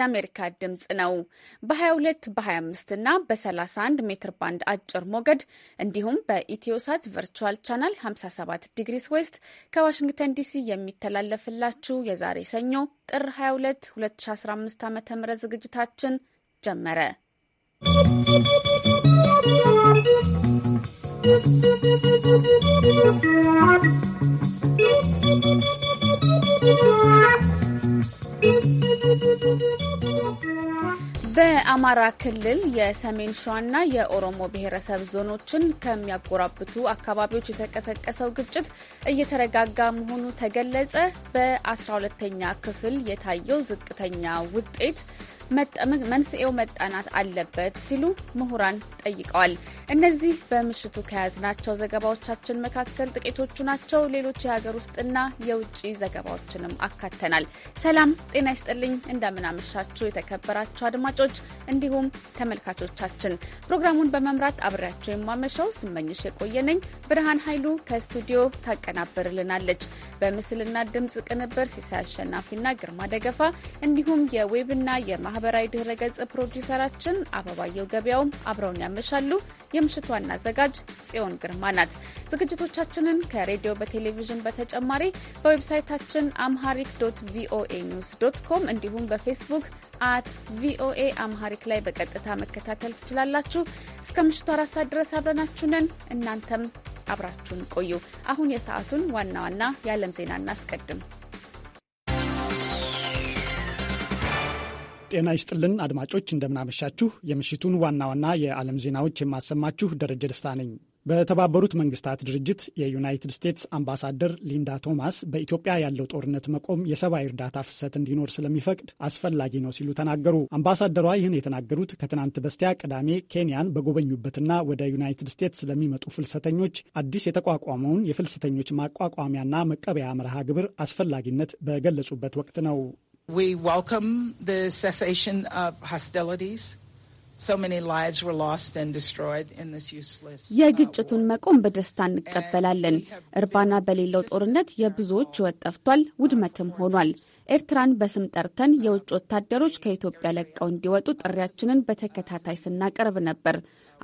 የአሜሪካ ድምፅ ነው። በ22 በ25 እና በ31 ሜትር ባንድ አጭር ሞገድ እንዲሁም በኢትዮሳት ቨርቹዋል ቻናል 57 ዲግሪስ ዌስት ከዋሽንግተን ዲሲ የሚተላለፍላችሁ የዛሬ ሰኞ ጥር 22 2015 ዓ ም ዝግጅታችን ጀመረ። ¶¶ በአማራ ክልል የሰሜን ሸዋና የኦሮሞ ብሔረሰብ ዞኖችን ከሚያጎራብቱ አካባቢዎች የተቀሰቀሰው ግጭት እየተረጋጋ መሆኑ ተገለጸ። በ12ተኛ ክፍል የታየው ዝቅተኛ ውጤት መንስኤው መጣናት አለበት ሲሉ ምሁራን ጠይቀዋል። እነዚህ በምሽቱ ከያዝናቸው ዘገባዎቻችን መካከል ጥቂቶቹ ናቸው። ሌሎች የሀገር ውስጥና የውጭ ዘገባዎችንም አካተናል። ሰላም ጤና ይስጥልኝ። እንደምናመሻችሁ የተከበራችሁ አድማጮች እንዲሁም ተመልካቾቻችን ፕሮግራሙን በመምራት አብሬያቸው የማመሻው ስመኝሽ የቆየነኝ ብርሃን ኃይሉ ከስቱዲዮ ታቀናበርልናለች። በምስልና ድምፅ ቅንብር ሲሳይ አሸናፊና ግርማ ደገፋ እንዲሁም የዌብና የማ የማህበራዊ ገጽ ፕሮዲውሰራችን አበባየው ገበያውም አብረውን ያመሻሉ። የምሽቱ ዋና አዘጋጅ ጽዮን ግርማ ናት። ዝግጅቶቻችንን ከሬዲዮ በቴሌቪዥን በተጨማሪ በዌብሳይታችን አምሃሪክ ዶት ቪኦኤ ኒውስ ዶት ኮም እንዲሁም በፌስቡክ አት ቪኦኤ አምሃሪክ ላይ በቀጥታ መከታተል ትችላላችሁ። እስከ ምሽቱ አራት ሰዓት ድረስ አብረናችሁ እናንተም አብራችሁን ቆዩ። አሁን የሰዓቱን ዋና ዋና የዓለም ዜና እናስቀድም። ጤና ይስጥልን አድማጮች፣ እንደምናመሻችሁ። የምሽቱን ዋና ዋና የዓለም ዜናዎች የማሰማችሁ ደረጀ ደስታ ነኝ። በተባበሩት መንግስታት ድርጅት የዩናይትድ ስቴትስ አምባሳደር ሊንዳ ቶማስ በኢትዮጵያ ያለው ጦርነት መቆም የሰብአዊ እርዳታ ፍሰት እንዲኖር ስለሚፈቅድ አስፈላጊ ነው ሲሉ ተናገሩ። አምባሳደሯ ይህን የተናገሩት ከትናንት በስቲያ ቅዳሜ ኬንያን በጎበኙበትና ወደ ዩናይትድ ስቴትስ ለሚመጡ ፍልሰተኞች አዲስ የተቋቋመውን የፍልሰተኞች ማቋቋሚያና መቀበያ መርሃ ግብር አስፈላጊነት በገለጹበት ወቅት ነው። We welcome the cessation of hostilities. So many lives were lost and destroyed in this useless. Uh, የግጭቱን መቆም በደስታ እንቀበላለን። እርባና በሌለው ጦርነት የብዙዎች ሕይወት ጠፍቷል፣ ውድመትም ሆኗል። ኤርትራን በስም ጠርተን የውጭ uh, ወታደሮች ከኢትዮጵያ ለቀው እንዲወጡ ጥሪያችንን በተከታታይ ስናቀርብ ነበር።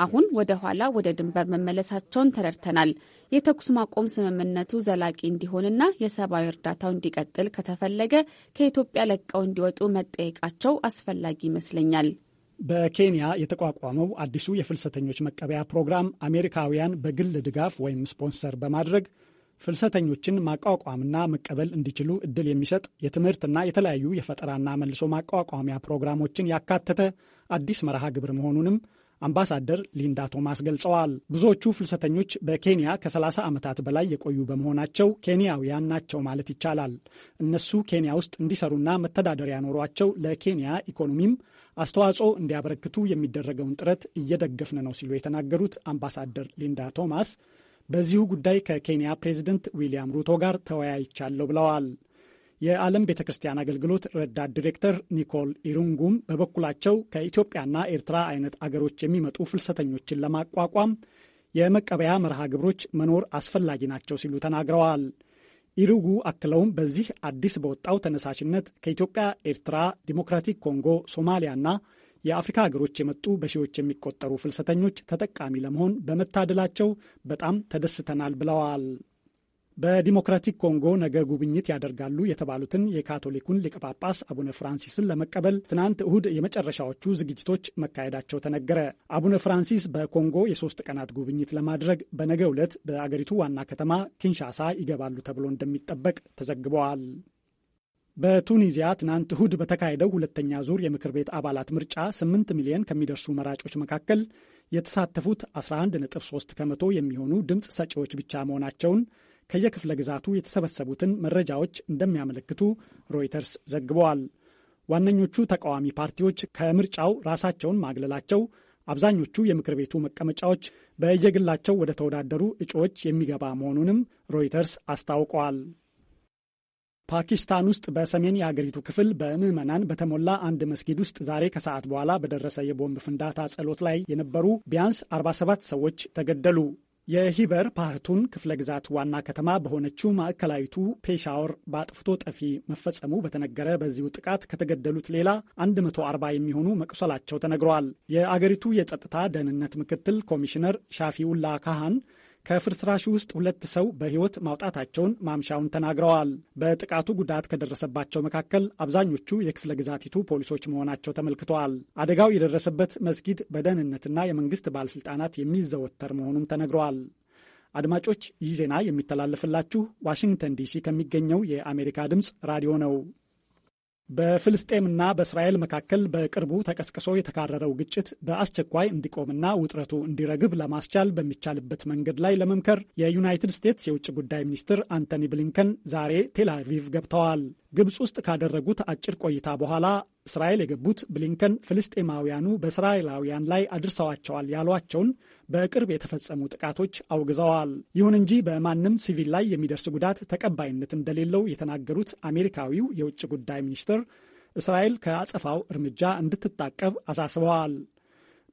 አሁን ወደ ኋላ ወደ ድንበር መመለሳቸውን ተረድተናል። የተኩስ ማቆም ስምምነቱ ዘላቂ እንዲሆንና የሰብአዊ እርዳታው እንዲቀጥል ከተፈለገ ከኢትዮጵያ ለቀው እንዲወጡ መጠየቃቸው አስፈላጊ ይመስለኛል። በኬንያ የተቋቋመው አዲሱ የፍልሰተኞች መቀበያ ፕሮግራም አሜሪካውያን በግል ድጋፍ ወይም ስፖንሰር በማድረግ ፍልሰተኞችን ማቋቋምና መቀበል እንዲችሉ እድል የሚሰጥ የትምህርትና የተለያዩ የፈጠራና መልሶ ማቋቋሚያ ፕሮግራሞችን ያካተተ አዲስ መርሃ ግብር መሆኑንም አምባሳደር ሊንዳ ቶማስ ገልጸዋል። ብዙዎቹ ፍልሰተኞች በኬንያ ከ30 ዓመታት በላይ የቆዩ በመሆናቸው ኬንያውያን ናቸው ማለት ይቻላል። እነሱ ኬንያ ውስጥ እንዲሰሩና መተዳደሪያ ኖሯቸው ለኬንያ ኢኮኖሚም አስተዋጽኦ እንዲያበረክቱ የሚደረገውን ጥረት እየደገፍን ነው ሲሉ የተናገሩት አምባሳደር ሊንዳ ቶማስ በዚሁ ጉዳይ ከኬንያ ፕሬዝደንት ዊልያም ሩቶ ጋር ተወያይቻለሁ ብለዋል። የዓለም ቤተ ክርስቲያን አገልግሎት ረዳት ዲሬክተር ኒኮል ኢሩንጉም በበኩላቸው ከኢትዮጵያና ኤርትራ አይነት አገሮች የሚመጡ ፍልሰተኞችን ለማቋቋም የመቀበያ መርሃ ግብሮች መኖር አስፈላጊ ናቸው ሲሉ ተናግረዋል። ኢሩጉ አክለውም በዚህ አዲስ በወጣው ተነሳሽነት ከኢትዮጵያ፣ ኤርትራ፣ ዲሞክራቲክ ኮንጎ፣ ሶማሊያና የአፍሪካ ሀገሮች የመጡ በሺዎች የሚቆጠሩ ፍልሰተኞች ተጠቃሚ ለመሆን በመታደላቸው በጣም ተደስተናል ብለዋል። በዲሞክራቲክ ኮንጎ ነገ ጉብኝት ያደርጋሉ የተባሉትን የካቶሊኩን ሊቀ ጳጳስ አቡነ ፍራንሲስን ለመቀበል ትናንት እሁድ የመጨረሻዎቹ ዝግጅቶች መካሄዳቸው ተነገረ። አቡነ ፍራንሲስ በኮንጎ የሶስት ቀናት ጉብኝት ለማድረግ በነገ ዕለት በአገሪቱ ዋና ከተማ ኪንሻሳ ይገባሉ ተብሎ እንደሚጠበቅ ተዘግበዋል። በቱኒዚያ ትናንት እሁድ በተካሄደው ሁለተኛ ዙር የምክር ቤት አባላት ምርጫ 8 ሚሊዮን ከሚደርሱ መራጮች መካከል የተሳተፉት 11.3 ከመቶ የሚሆኑ ድምፅ ሰጪዎች ብቻ መሆናቸውን ከየክፍለ ግዛቱ የተሰበሰቡትን መረጃዎች እንደሚያመለክቱ ሮይተርስ ዘግበዋል። ዋነኞቹ ተቃዋሚ ፓርቲዎች ከምርጫው ራሳቸውን ማግለላቸው፣ አብዛኞቹ የምክር ቤቱ መቀመጫዎች በየግላቸው ወደ ተወዳደሩ እጩዎች የሚገባ መሆኑንም ሮይተርስ አስታውቀዋል። ፓኪስታን ውስጥ በሰሜን የአገሪቱ ክፍል በምዕመናን በተሞላ አንድ መስጊድ ውስጥ ዛሬ ከሰዓት በኋላ በደረሰ የቦምብ ፍንዳታ ጸሎት ላይ የነበሩ ቢያንስ 47 ሰዎች ተገደሉ። የሂበር ፓህቱን ክፍለ ግዛት ዋና ከተማ በሆነችው ማዕከላዊቱ ፔሻወር በአጥፍቶ ጠፊ መፈጸሙ በተነገረ በዚሁ ጥቃት ከተገደሉት ሌላ 140 የሚሆኑ መቁሰላቸው ተነግረዋል። የአገሪቱ የጸጥታ ደህንነት ምክትል ኮሚሽነር ሻፊውላ ካሃን ከፍርስራሽ ውስጥ ሁለት ሰው በሕይወት ማውጣታቸውን ማምሻውን ተናግረዋል። በጥቃቱ ጉዳት ከደረሰባቸው መካከል አብዛኞቹ የክፍለ ግዛቲቱ ፖሊሶች መሆናቸው ተመልክተዋል። አደጋው የደረሰበት መስጊድ በደህንነትና የመንግስት ባለሥልጣናት የሚዘወተር መሆኑም ተነግረዋል። አድማጮች፣ ይህ ዜና የሚተላለፍላችሁ ዋሽንግተን ዲሲ ከሚገኘው የአሜሪካ ድምፅ ራዲዮ ነው። በፍልስጤምና በእስራኤል መካከል በቅርቡ ተቀስቅሶ የተካረረው ግጭት በአስቸኳይ እንዲቆምና ውጥረቱ እንዲረግብ ለማስቻል በሚቻልበት መንገድ ላይ ለመምከር የዩናይትድ ስቴትስ የውጭ ጉዳይ ሚኒስትር አንቶኒ ብሊንከን ዛሬ ቴል አቪቭ ገብተዋል። ግብፅ ውስጥ ካደረጉት አጭር ቆይታ በኋላ እስራኤል የገቡት ብሊንከን ፍልስጤማውያኑ በእስራኤላውያን ላይ አድርሰዋቸዋል ያሏቸውን በቅርብ የተፈጸሙ ጥቃቶች አውግዘዋል። ይሁን እንጂ በማንም ሲቪል ላይ የሚደርስ ጉዳት ተቀባይነት እንደሌለው የተናገሩት አሜሪካዊው የውጭ ጉዳይ ሚኒስትር እስራኤል ከአጸፋው እርምጃ እንድትታቀብ አሳስበዋል።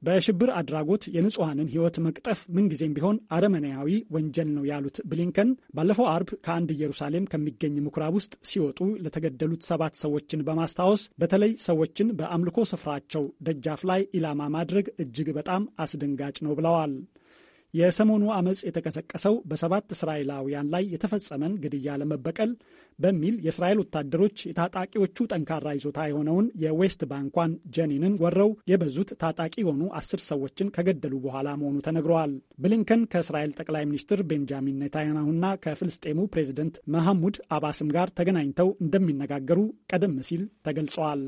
በሽብር አድራጎት የንጹሐንን ሕይወት መቅጠፍ ምንጊዜም ቢሆን አረመናያዊ ወንጀል ነው ያሉት ብሊንከን ባለፈው አርብ ከአንድ ኢየሩሳሌም ከሚገኝ ምኩራብ ውስጥ ሲወጡ ለተገደሉት ሰባት ሰዎችን በማስታወስ በተለይ ሰዎችን በአምልኮ ስፍራቸው ደጃፍ ላይ ኢላማ ማድረግ እጅግ በጣም አስደንጋጭ ነው ብለዋል። የሰሞኑ አመፅ የተቀሰቀሰው በሰባት እስራኤላውያን ላይ የተፈጸመን ግድያ ለመበቀል በሚል የእስራኤል ወታደሮች የታጣቂዎቹ ጠንካራ ይዞታ የሆነውን የዌስት ባንኳን ጀኒንን ወረው የበዙት ታጣቂ የሆኑ አስር ሰዎችን ከገደሉ በኋላ መሆኑ ተነግረዋል። ብሊንከን ከእስራኤል ጠቅላይ ሚኒስትር ቤንጃሚን ኔታንያሁና ከፍልስጤሙ ፕሬዚደንት መሐሙድ አባስም ጋር ተገናኝተው እንደሚነጋገሩ ቀደም ሲል ተገልጿል።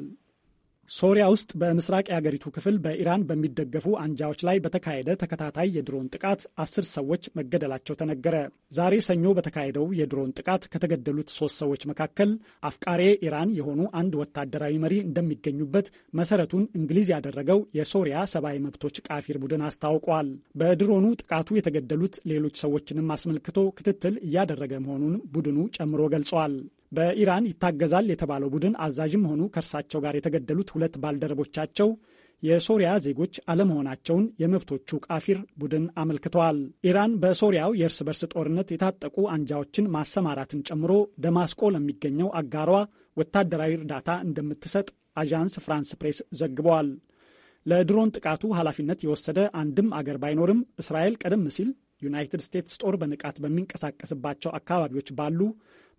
ሶሪያ ውስጥ በምስራቅ የአገሪቱ ክፍል በኢራን በሚደገፉ አንጃዎች ላይ በተካሄደ ተከታታይ የድሮን ጥቃት አስር ሰዎች መገደላቸው ተነገረ። ዛሬ ሰኞ በተካሄደው የድሮን ጥቃት ከተገደሉት ሶስት ሰዎች መካከል አፍቃሬ ኢራን የሆኑ አንድ ወታደራዊ መሪ እንደሚገኙበት መሰረቱን እንግሊዝ ያደረገው የሶሪያ ሰብአዊ መብቶች ቃፊር ቡድን አስታውቋል። በድሮኑ ጥቃቱ የተገደሉት ሌሎች ሰዎችንም አስመልክቶ ክትትል እያደረገ መሆኑን ቡድኑ ጨምሮ ገልጿል። በኢራን ይታገዛል የተባለው ቡድን አዛዥም ሆኑ ከእርሳቸው ጋር የተገደሉት ሁለት ባልደረቦቻቸው የሶሪያ ዜጎች አለመሆናቸውን የመብቶቹ ቃፊር ቡድን አመልክተዋል። ኢራን በሶሪያው የእርስ በርስ ጦርነት የታጠቁ አንጃዎችን ማሰማራትን ጨምሮ ደማስቆ ለሚገኘው አጋሯ ወታደራዊ እርዳታ እንደምትሰጥ አዣንስ ፍራንስ ፕሬስ ዘግበዋል። ለድሮን ጥቃቱ ኃላፊነት የወሰደ አንድም አገር ባይኖርም እስራኤል ቀደም ሲል ዩናይትድ ስቴትስ ጦር በንቃት በሚንቀሳቀስባቸው አካባቢዎች ባሉ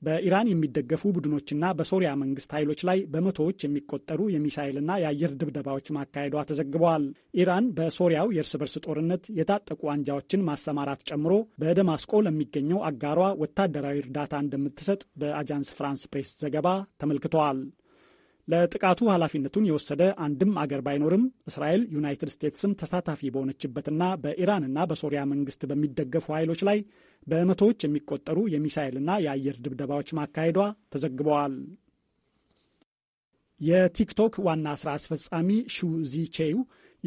በኢራን የሚደገፉ ቡድኖችና በሶሪያ መንግስት ኃይሎች ላይ በመቶዎች የሚቆጠሩ የሚሳይልና የአየር ድብደባዎች ማካሄዷ ተዘግበዋል። ኢራን በሶሪያው የእርስ በርስ ጦርነት የታጠቁ አንጃዎችን ማሰማራት ጨምሮ በደማስቆ ለሚገኘው አጋሯ ወታደራዊ እርዳታ እንደምትሰጥ በአጃንስ ፍራንስ ፕሬስ ዘገባ ተመልክተዋል። ለጥቃቱ ኃላፊነቱን የወሰደ አንድም አገር ባይኖርም እስራኤል ዩናይትድ ስቴትስም ተሳታፊ በሆነችበትና በኢራንና በሶሪያ መንግስት በሚደገፉ ኃይሎች ላይ በመቶዎች የሚቆጠሩ የሚሳኤልና የአየር ድብደባዎች ማካሄዷ ተዘግበዋል። የቲክቶክ ዋና ስራ አስፈጻሚ ሹ ዚቼው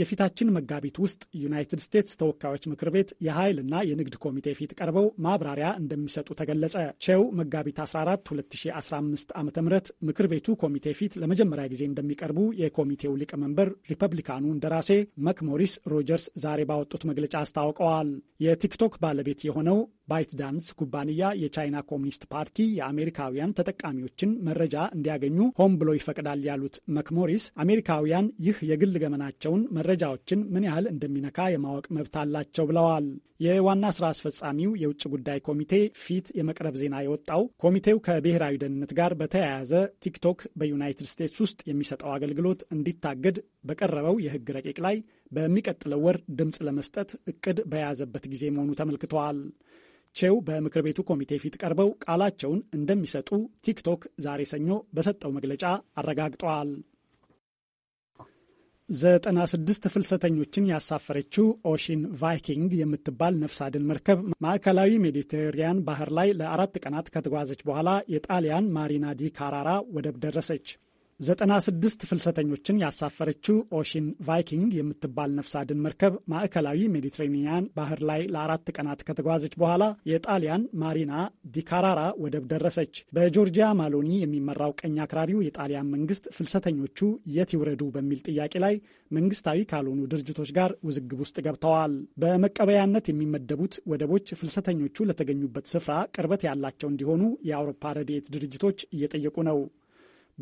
የፊታችን መጋቢት ውስጥ ዩናይትድ ስቴትስ ተወካዮች ምክር ቤት የኃይልና የንግድ ኮሚቴ ፊት ቀርበው ማብራሪያ እንደሚሰጡ ተገለጸ። ቼው መጋቢት 14 2015 ዓ ም ምክር ቤቱ ኮሚቴ ፊት ለመጀመሪያ ጊዜ እንደሚቀርቡ የኮሚቴው ሊቀመንበር ሪፐብሊካኑ እንደራሴ መክሞሪስ ሮጀርስ ዛሬ ባወጡት መግለጫ አስታውቀዋል። የቲክቶክ ባለቤት የሆነው ባይት ዳንስ ኩባንያ የቻይና ኮሚኒስት ፓርቲ የአሜሪካውያን ተጠቃሚዎችን መረጃ እንዲያገኙ ሆን ብሎ ይፈቅዳል ያሉት መክሞሪስ አሜሪካውያን ይህ የግል ገመናቸውን መረጃዎችን ምን ያህል እንደሚነካ የማወቅ መብት አላቸው ብለዋል። የዋና ስራ አስፈጻሚው የውጭ ጉዳይ ኮሚቴ ፊት የመቅረብ ዜና የወጣው ኮሚቴው ከብሔራዊ ደህንነት ጋር በተያያዘ ቲክቶክ በዩናይትድ ስቴትስ ውስጥ የሚሰጠው አገልግሎት እንዲታገድ በቀረበው የሕግ ረቂቅ ላይ በሚቀጥለው ወር ድምፅ ለመስጠት እቅድ በያዘበት ጊዜ መሆኑ ተመልክተዋል። ቼው በምክር ቤቱ ኮሚቴ ፊት ቀርበው ቃላቸውን እንደሚሰጡ ቲክቶክ ዛሬ ሰኞ በሰጠው መግለጫ አረጋግጠዋል። ዘጠና ስድስት ፍልሰተኞችን ያሳፈረችው ኦሽን ቫይኪንግ የምትባል ነፍስ አድን መርከብ ማዕከላዊ ሜዲትሬንያን ባህር ላይ ለአራት ቀናት ከተጓዘች በኋላ የጣሊያን ማሪና ዲ ካራራ ወደብ ደረሰች። 96 ፍልሰተኞችን ያሳፈረችው ኦሽን ቫይኪንግ የምትባል ነፍስ አድን መርከብ ማዕከላዊ ሜዲትሬኒያን ባህር ላይ ለአራት ቀናት ከተጓዘች በኋላ የጣሊያን ማሪና ዲካራራ ወደብ ደረሰች። በጆርጂያ ማሎኒ የሚመራው ቀኝ አክራሪው የጣሊያን መንግስት ፍልሰተኞቹ የት ይውረዱ በሚል ጥያቄ ላይ መንግስታዊ ካልሆኑ ድርጅቶች ጋር ውዝግብ ውስጥ ገብተዋል። በመቀበያነት የሚመደቡት ወደቦች ፍልሰተኞቹ ለተገኙበት ስፍራ ቅርበት ያላቸው እንዲሆኑ የአውሮፓ ረድኤት ድርጅቶች እየጠየቁ ነው።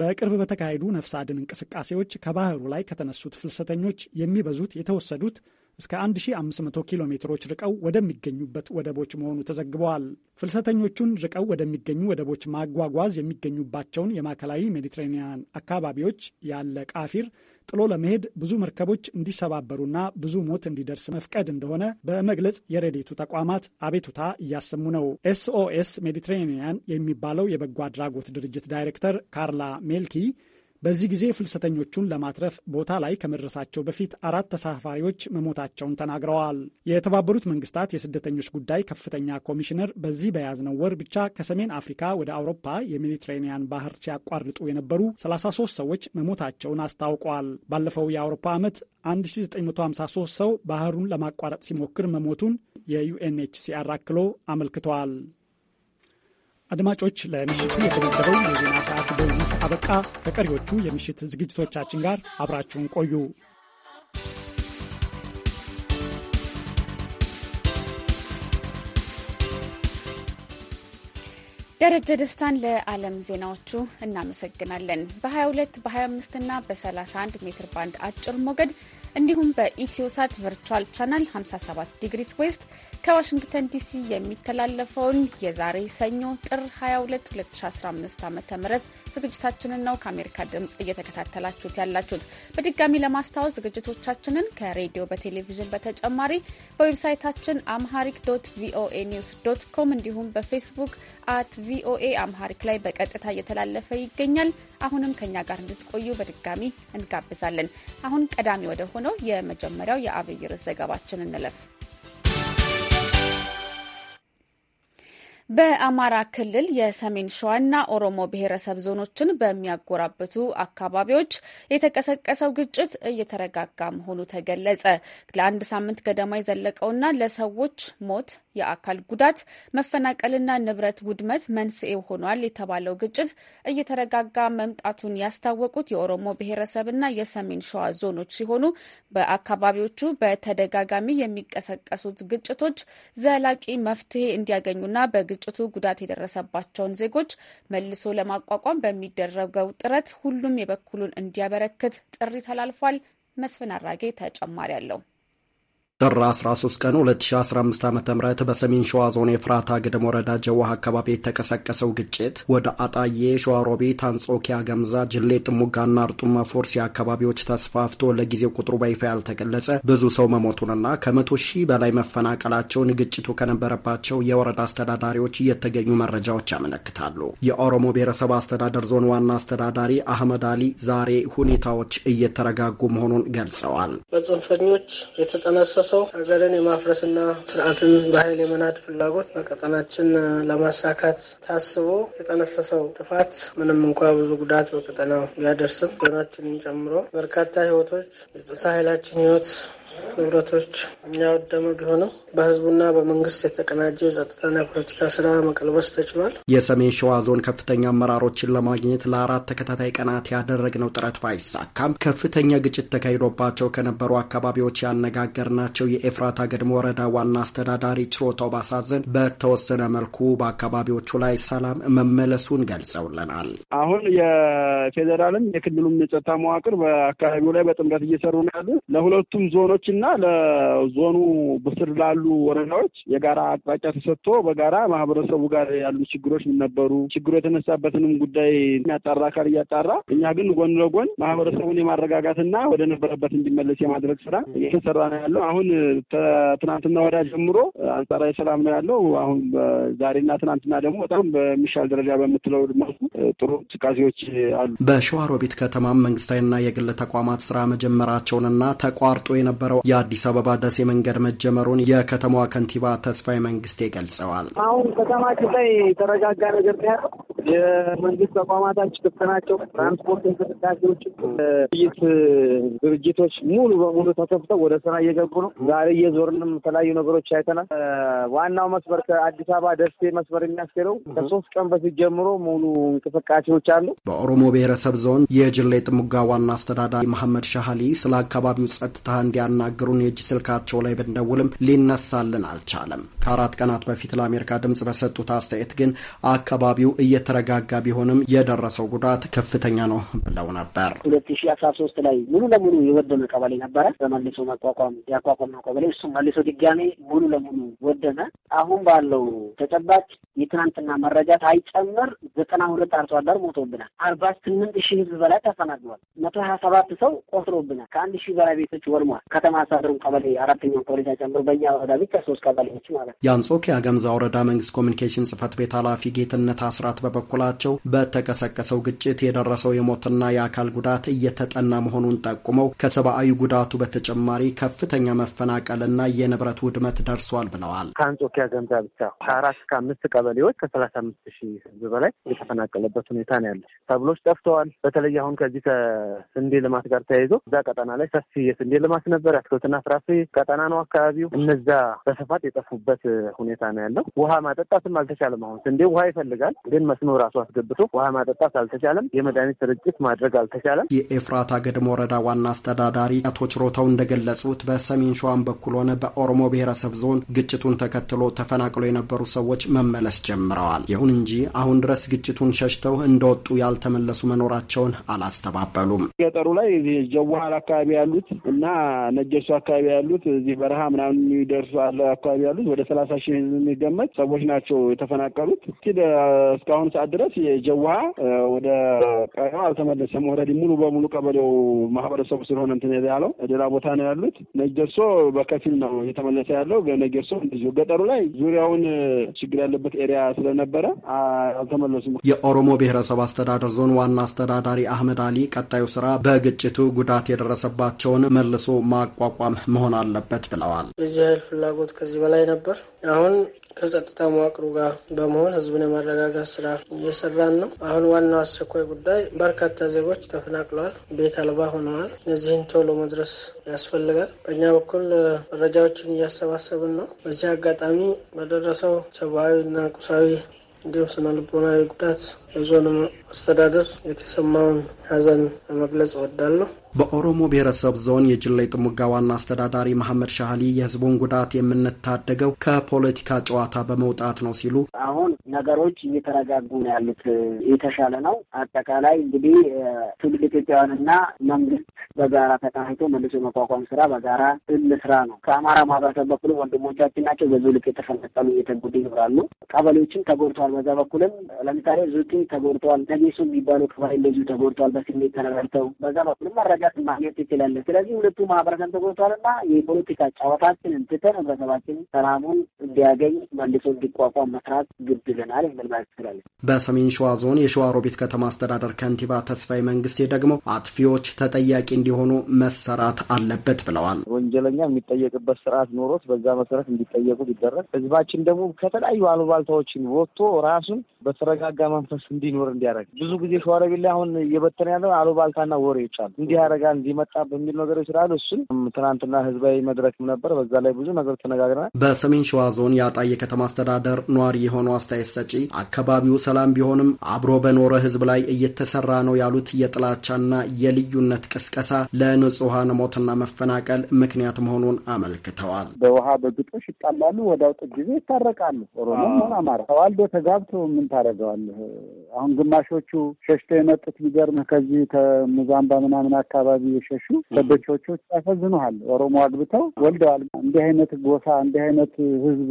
በቅርብ በተካሄዱ ነፍስ አድን እንቅስቃሴዎች ከባህሩ ላይ ከተነሱት ፍልሰተኞች የሚበዙት የተወሰዱት እስከ 1500 ኪሎ ሜትሮች ርቀው ወደሚገኙበት ወደቦች መሆኑ ተዘግበዋል። ፍልሰተኞቹን ርቀው ወደሚገኙ ወደቦች ማጓጓዝ የሚገኙባቸውን የማዕከላዊ ሜዲትሬኒያን አካባቢዎች ያለ ቃፊር ጥሎ ለመሄድ ብዙ መርከቦች እንዲሰባበሩና ብዙ ሞት እንዲደርስ መፍቀድ እንደሆነ በመግለጽ የረዴቱ ተቋማት አቤቱታ እያሰሙ ነው። ኤስኦኤስ ሜዲትሬኒያን የሚባለው የበጎ አድራጎት ድርጅት ዳይሬክተር ካርላ ሜልኪ በዚህ ጊዜ ፍልሰተኞቹን ለማትረፍ ቦታ ላይ ከመድረሳቸው በፊት አራት ተሳፋሪዎች መሞታቸውን ተናግረዋል። የተባበሩት መንግስታት የስደተኞች ጉዳይ ከፍተኛ ኮሚሽነር በዚህ በያዝነው ወር ብቻ ከሰሜን አፍሪካ ወደ አውሮፓ የሜዲትሬኒያን ባህር ሲያቋርጡ የነበሩ 33 ሰዎች መሞታቸውን አስታውቋል። ባለፈው የአውሮፓ ዓመት 1953 ሰው ባህሩን ለማቋረጥ ሲሞክር መሞቱን የዩኤንኤችሲአር አክሎ አመልክተዋል። አድማጮች ለምሽቱ የተመደበው የዜና ሰዓት በዚህ አበቃ። ከቀሪዎቹ የምሽት ዝግጅቶቻችን ጋር አብራችሁን ቆዩ። ደረጀ ደስታን ለዓለም ዜናዎቹ እናመሰግናለን። በ22 በ25 እና በ31 ሜትር ባንድ አጭር ሞገድ እንዲሁም በኢትዮሳት ቨርቹዋል ቻናል 57 ዲግሪስ ዌስት ከዋሽንግተን ዲሲ የሚተላለፈውን የዛሬ ሰኞ ጥር 22 2015 ዓ ም ዝግጅታችንን ነው ከአሜሪካ ድምፅ እየተከታተላችሁት ያላችሁት። በድጋሚ ለማስታወስ ዝግጅቶቻችንን ከሬዲዮ በቴሌቪዥን በተጨማሪ በዌብሳይታችን አምሃሪክ ዶት ቪኦኤ ኒውስ ዶት ኮም እንዲሁም በፌስቡክ አት ቪኦኤ አምሃሪክ ላይ በቀጥታ እየተላለፈ ይገኛል። አሁንም ከኛ ጋር እንድትቆዩ በድጋሚ እንጋብዛለን። አሁን ቀዳሚ ወደ ሆነው የመጀመሪያው የአብይ ርዕስ ዘገባችን እንለፍ። በአማራ ክልል የሰሜን ሸዋና ኦሮሞ ብሔረሰብ ዞኖችን በሚያጎራብቱ አካባቢዎች የተቀሰቀሰው ግጭት እየተረጋጋ መሆኑ ተገለጸ። ለአንድ ሳምንት ገደማ የዘለቀውና ለሰዎች ሞት የአካል ጉዳት፣ መፈናቀልና ንብረት ውድመት መንስኤ ሆኗል የተባለው ግጭት እየተረጋጋ መምጣቱን ያስታወቁት የኦሮሞ ብሔረሰብና የሰሜን ሸዋ ዞኖች ሲሆኑ በአካባቢዎቹ በተደጋጋሚ የሚቀሰቀሱት ግጭቶች ዘላቂ መፍትሄ እንዲያገኙና በግጭቱ ጉዳት የደረሰባቸውን ዜጎች መልሶ ለማቋቋም በሚደረገው ጥረት ሁሉም የበኩሉን እንዲያበረክት ጥሪ ተላልፏል። መስፍን አራጌ ተጨማሪ አለው። ጥር 13 ቀን 2015 ዓ ም በሰሜን ሸዋ ዞን የፍራታ ግድም ወረዳ ጀዋህ አካባቢ የተቀሰቀሰው ግጭት ወደ አጣዬ፣ ሸዋሮቢት፣ አንጾኪያ፣ ገምዛ፣ ጅሌ ጥሙጋና አርጡማ ፎርሲ አካባቢዎች ተስፋፍቶ ለጊዜው ቁጥሩ በይፋ ያልተገለጸ ብዙ ሰው መሞቱንና ከመቶ ሺህ በላይ መፈናቀላቸውን ግጭቱ ከነበረባቸው የወረዳ አስተዳዳሪዎች እየተገኙ መረጃዎች ያመለክታሉ። የኦሮሞ ብሔረሰብ አስተዳደር ዞን ዋና አስተዳዳሪ አህመድ አሊ ዛሬ ሁኔታዎች እየተረጋጉ መሆኑን ገልጸዋል። በጽንፈኞች የተጠነሰ ሰው ሀገርን የማፍረስና ስርዓትን በኃይል የመናድ ፍላጎት በቀጠናችን ለማሳካት ታስቦ የጠነሰሰው ጥፋት ምንም እንኳ ብዙ ጉዳት በቀጠናው ቢያደርስም ሆናችንን ጨምሮ በርካታ ህይወቶች የጸጥታ ኃይላችን ህይወት ንብረቶች ያወደመ ቢሆንም በህዝቡና በመንግስት የተቀናጀ የጸጥታና የፖለቲካ ስራ መቀልበስ ተችሏል። የሰሜን ሸዋ ዞን ከፍተኛ አመራሮችን ለማግኘት ለአራት ተከታታይ ቀናት ያደረግነው ጥረት ባይሳካም ከፍተኛ ግጭት ተካሂዶባቸው ከነበሩ አካባቢዎች ያነጋገርናቸው የኤፍራት ገድሞ ወረዳ ዋና አስተዳዳሪ ችሮታው ባሳዘን በተወሰነ መልኩ በአካባቢዎቹ ላይ ሰላም መመለሱን ገልጸውልናል። አሁን የፌዴራልም የክልሉም የጸጥታ መዋቅር በአካባቢው ላይ በጥምረት እየሰሩ ነው ያሉ ለሁለቱም ዞኖች እና ለዞኑ ብስር ላሉ ወረዳዎች የጋራ አቅጣጫ ተሰጥቶ በጋራ ማህበረሰቡ ጋር ያሉ ችግሮች ምን ነበሩ፣ ችግሩ የተነሳበትንም ጉዳይ የሚያጣራ አካል እያጣራ፣ እኛ ግን ጎን ለጎን ማህበረሰቡን የማረጋጋትና ወደ ነበረበት እንዲመለስ የማድረግ ስራ እየተሰራ ነው ያለው። አሁን ትናንትና ወዲያ ጀምሮ አንጻራዊ ሰላም ነው ያለው። አሁን ዛሬና ትናንትና ደግሞ በጣም በሚሻል ደረጃ በምትለው መልኩ ጥሩ እንቅስቃሴዎች አሉ። በሸዋሮቢት ከተማም መንግስታዊና የግል ተቋማት ስራ መጀመራቸውንና ተቋርጦ የነበረ የነበረው የአዲስ አበባ ደሴ መንገድ መጀመሩን የከተማዋ ከንቲባ ተስፋዬ መንግስቴ ገልጸዋል። አሁን ከተማችን ላይ የተረጋጋ ነገር ነው ያለው። የመንግስት ተቋማታችን ክፍት ናቸው። ትራንስፖርት እንቅስቃሴዎች፣ ውይይት ድርጅቶች ሙሉ በሙሉ ተከፍተው ወደ ስራ እየገቡ ነው። ዛሬ እየዞርንም የተለያዩ ነገሮች አይተናል። ዋናው መስመር ከአዲስ አበባ ደሴ መስመር የሚያስገደው ከሶስት ቀን በፊት ጀምሮ ሙሉ እንቅስቃሴዎች አሉ። በኦሮሞ ብሔረሰብ ዞን የጅሌ ጥሙጋ ዋና አስተዳዳሪ መሐመድ ሻህሊ ስለ አካባቢው ጸጥታ እንዲያ ሲያናግሩን የእጅ ስልካቸው ላይ ብንደውልም ሊነሳልን አልቻለም። ከአራት ቀናት በፊት ለአሜሪካ ድምፅ በሰጡት አስተያየት ግን አካባቢው እየተረጋጋ ቢሆንም የደረሰው ጉዳት ከፍተኛ ነው ብለው ነበር። ሁለት ሺ አስራ ሶስት ላይ ሙሉ ለሙሉ የወደመ ቀበሌ ነበረ። በመልሶ ማቋቋም ያቋቋምነው ቀበሌ እሱም መልሶ ድጋሜ ሙሉ ለሙሉ ወደመ። አሁን ባለው ተጨባጭ የትናንትና መረጃ ሳይጨምር ዘጠና ሁለት አርሶ አደር ሞቶብናል። አርባ ስምንት ሺህ ህዝብ በላይ ተፈናግሏል መቶ ሀያ ሰባት ሰው ቆስሮብናል። ከአንድ ሺህ በላይ ቤቶች ወድሟል። ከተማ አስተዳደሩ ቀበሌ አራተኛው ቀበሌ ጨምሮ በእኛ ወረዳ ብቻ ሶስት ቀበሌዎች ማለት ነው። የአንጾኪያ ገምዛ ወረዳ መንግስት ኮሚኒኬሽን ጽህፈት ቤት ኃላፊ ጌትነት አስራት በበኩላቸው በተቀሰቀሰው ግጭት የደረሰው የሞትና የአካል ጉዳት እየተጠና መሆኑን ጠቁመው ከሰብአዊ ጉዳቱ በተጨማሪ ከፍተኛ መፈናቀልና የንብረት ውድመት ደርሷል ብለዋል። ከአንጾኪያ ገምዛ ብቻ ከአራት ከአምስት ቀበሌዎች ከሰላሳ አምስት ሺህ ህዝብ በላይ የተፈናቀለበት ሁኔታ ነው ያለ። ተብሎች ጠፍተዋል። በተለይ አሁን ከዚህ ከስንዴ ልማት ጋር ተያይዞ እዛ ቀጠና ላይ ሰፊ የስንዴ ልማት ነበር። አትክልትና ፍራፍሬ ቀጠና ነው አካባቢው። እነዛ በስፋት የጠፉበት ሁኔታ ነው ያለው። ውሃ ማጠጣትም አልተቻለም። አሁን ስንዴ ውሃ ይፈልጋል፣ ግን መስኖ ራሱ አስገብቶ ውሃ ማጠጣት አልተቻለም። የመድኃኒት ስርጭት ማድረግ አልተቻለም። የኤፍራት አገድም ወረዳ ዋና አስተዳዳሪ አቶ ችሮተው እንደገለጹት በሰሜን ሸዋን በኩል ሆነ በኦሮሞ ብሔረሰብ ዞን ግጭቱን ተከትሎ ተፈናቅሎ የነበሩ ሰዎች መመለስ ጀምረዋል። ይሁን እንጂ አሁን ድረስ ግጭቱን ሸሽተው እንደወጡ ያልተመለሱ መኖራቸውን አላስተባበሉም። ገጠሩ ላይ ጀዋሃል አካባቢ ያሉት እና እጀሱ አካባቢ ያሉት እዚህ በረሃ ምናምን የሚደርሱ አለ አካባቢ ያሉት ወደ ሰላሳ ሺህ ህዝብ የሚገመት ሰዎች ናቸው የተፈናቀሉት። እስካሁን ሰዓት ድረስ የጀዋሃ ወደ ቀየው አልተመለሰም። ወረዲ ሙሉ በሙሉ ቀበሌው ማህበረሰቡ ስለሆነ እንትን ያለው ሌላ ቦታ ነው ያሉት። ነጀሶ በከፊል ነው እየተመለሰ ያለው። ነጀሶ እንደዚሁ ገጠሩ ላይ ዙሪያውን ችግር ያለበት ኤሪያ ስለነበረ አልተመለሱም። የኦሮሞ ብሔረሰብ አስተዳደር ዞን ዋና አስተዳዳሪ አህመድ አሊ ቀጣዩ ስራ በግጭቱ ጉዳት የደረሰባቸውን መልሶ ማቋ የሚቋቋም መሆን አለበት ብለዋል። የዚህ ኃይል ፍላጎት ከዚህ በላይ ነበር። አሁን ከጸጥታ መዋቅሩ ጋር በመሆን ህዝብን የማረጋጋት ስራ እየሰራን ነው። አሁን ዋናው አስቸኳይ ጉዳይ በርካታ ዜጎች ተፈናቅለዋል፣ ቤት አልባ ሆነዋል። እነዚህን ቶሎ መድረስ ያስፈልጋል። በእኛ በኩል መረጃዎችን እያሰባሰብን ነው። በዚህ አጋጣሚ በደረሰው ሰብአዊና ቁሳዊ እንዲሁም ስነልቦናዊ ጉዳት ለዞኑ አስተዳደር የተሰማውን ሀዘን ለመግለጽ እወዳለሁ። በኦሮሞ ብሔረሰብ ዞን የጅሌ ጥሙጋ ዋና አስተዳዳሪ መሐመድ ሻህሊ የህዝቡን ጉዳት የምንታደገው ከፖለቲካ ጨዋታ በመውጣት ነው ሲሉ፣ አሁን ነገሮች እየተረጋጉ ነው ያሉት፣ የተሻለ ነው። አጠቃላይ እንግዲህ ትውልድ ኢትዮጵያውያንና መንግስት በጋራ ተቃሂቶ መልሶ የመቋቋም ስራ በጋራ እንስራ ነው። ከአማራ ማህበረሰብ በኩል ወንድሞቻችን ናቸው። በዙ ልክ እየተጎዱ ይኖራሉ። ቀበሌዎችም ተጎድተዋል። በዛ በኩልም ለምሳሌ ዙቂ ተጎድተዋል፣ ነጌሱ የሚባሉ ከባል እንደዚሁ ተጎድተዋል። በስሜት ተረጋግተው በዛ በኩል መረጃት ማግኘት ይችላለን። ስለዚህ ሁለቱ ማህበረሰብ ተጎድተዋልና የፖለቲካ ጨዋታችንን ትተን ህብረተሰባችን ሰላሙን እንዲያገኝ መልሶ እንዲቋቋም መስራት ግድ ይለናል የሚል ማለት ይችላለን። በሰሜን ሸዋ ዞን የሸዋ ሮቢት ከተማ አስተዳደር ከንቲባ ተስፋዬ መንግስቴ ደግሞ አጥፊዎች ተጠያቂ እንዲሆኑ መሰራት አለበት ብለዋል። ወንጀለኛ የሚጠየቅበት ስርዓት ኖሮት በዛ መሰረት እንዲጠየቁ ቢደረግ ህዝባችን ደግሞ ከተለያዩ አሉባልታዎችን ወጥቶ ራሱን በተረጋጋ መንፈስ እንዲኖር እንዲያደርግ ብዙ ጊዜ ሸዋሮቢት ላይ አሁን እየበተነ ያለው አሉባልታና ወሬዎች አሉ። እንዲህ ያደርጋል መጣ በሚል ነገሮች ስላሉ እሱን ትናንትና ህዝባዊ መድረክም ነበር። በዛ ላይ ብዙ ነገር ተነጋግረናል። በሰሜን ሸዋ ዞን የአጣዬ ከተማ አስተዳደር ነዋሪ የሆኑ አስተያየት ሰጪ አካባቢው ሰላም ቢሆንም አብሮ በኖረ ህዝብ ላይ እየተሰራ ነው ያሉት የጥላቻና የልዩነት ቅስቀሳ ለንጹሐን ሞትና መፈናቀል ምክንያት መሆኑን አመልክተዋል። በውሃ በግጦሽ ይጣላሉ፣ ወዳውጥ ጊዜ ይታረቃሉ። ኦሮሞ ሆን አማራ ተዋልዶ ተጋብቶ ምን ታደርገዋለህ? አሁን ግማሾቹ ሸሽተው የመጡት ሚገርምህ ከዚህ ከሙዛምባ ምናምን አካባቢ የሸሹ ሰበቾቹ ያሳዝኑሃል። ኦሮሞ አግብተው ወልደዋል። እንዲህ አይነት ጎሳ፣ እንዲህ አይነት ህዝብ፣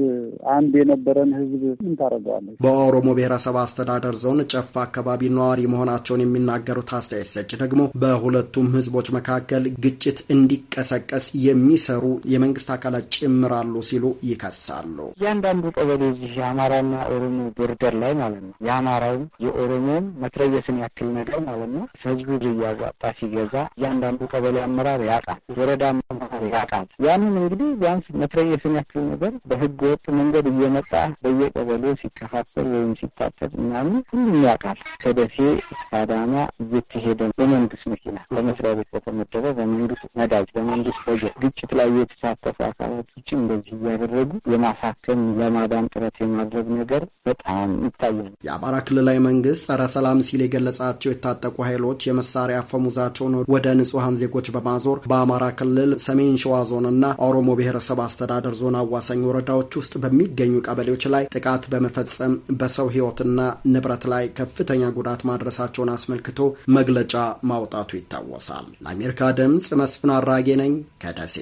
አንድ የነበረን ህዝብ ምን ታደርገዋለች? በኦሮሞ ብሔረሰብ አስተዳደር ዞን ጨፋ አካባቢ ነዋሪ መሆናቸውን የሚናገሩት አስተያየት ሰጭ ደግሞ በሁለቱም ህዝቦች መካከል ግጭት እንዲቀሰቀስ የሚሰሩ የመንግስት አካላት ጭምራሉ ሲሉ ይከሳሉ። እያንዳንዱ ቀበሌ እዚህ የአማራና ኦሮሞ ቦርደር ላይ ማለት ነው የአማራውም የኦሮሞን መትረየስን ያክል ነገር ማለት ነው። ህዝቡ እያዋጣ ሲገዛ እያንዳንዱ ቀበሌ አመራር ያውቃል፣ ወረዳ አመራር ያውቃል። ያንን እንግዲህ ቢያንስ መትረየስን ያክል ነገር በህገ ወጥ መንገድ እየመጣ በየቀበሌው ሲከፋፈል ወይም ሲታተል ምናምን ሁሉም ያውቃል። ከደሴ እስከ አዳማ እየተሄደ በመንግስት መኪና በመስሪያ ቤት በተመደበ በመንግስት ነዳጅ በመንግስት በጀት ግጭት ላይ የተሳተፉ አካላቶች እንደዚህ እያደረጉ የማሳከም ለማዳን ጥረት የማድረግ ነገር በጣም ይታያል። የአማራ ክልላዊ መንግስት ጸረ ሰላም ሲል የገለጻቸው የታጠቁ ኃይሎች የመሳሪያ አፈሙዛቸውን ወደ ንጹሐን ዜጎች በማዞር በአማራ ክልል ሰሜን ሸዋ ዞንና ኦሮሞ ብሔረሰብ አስተዳደር ዞን አዋሳኝ ወረዳዎች ውስጥ በሚገኙ ቀበሌዎች ላይ ጥቃት በመፈጸም በሰው ህይወትና ንብረት ላይ ከፍተኛ ጉዳት ማድረሳቸውን አስመልክቶ መግለጫ ማውጣቱ ይታወሳል። ለአሜሪካ ድምፅ መስፍን አራጌ ነኝ ከደሴ።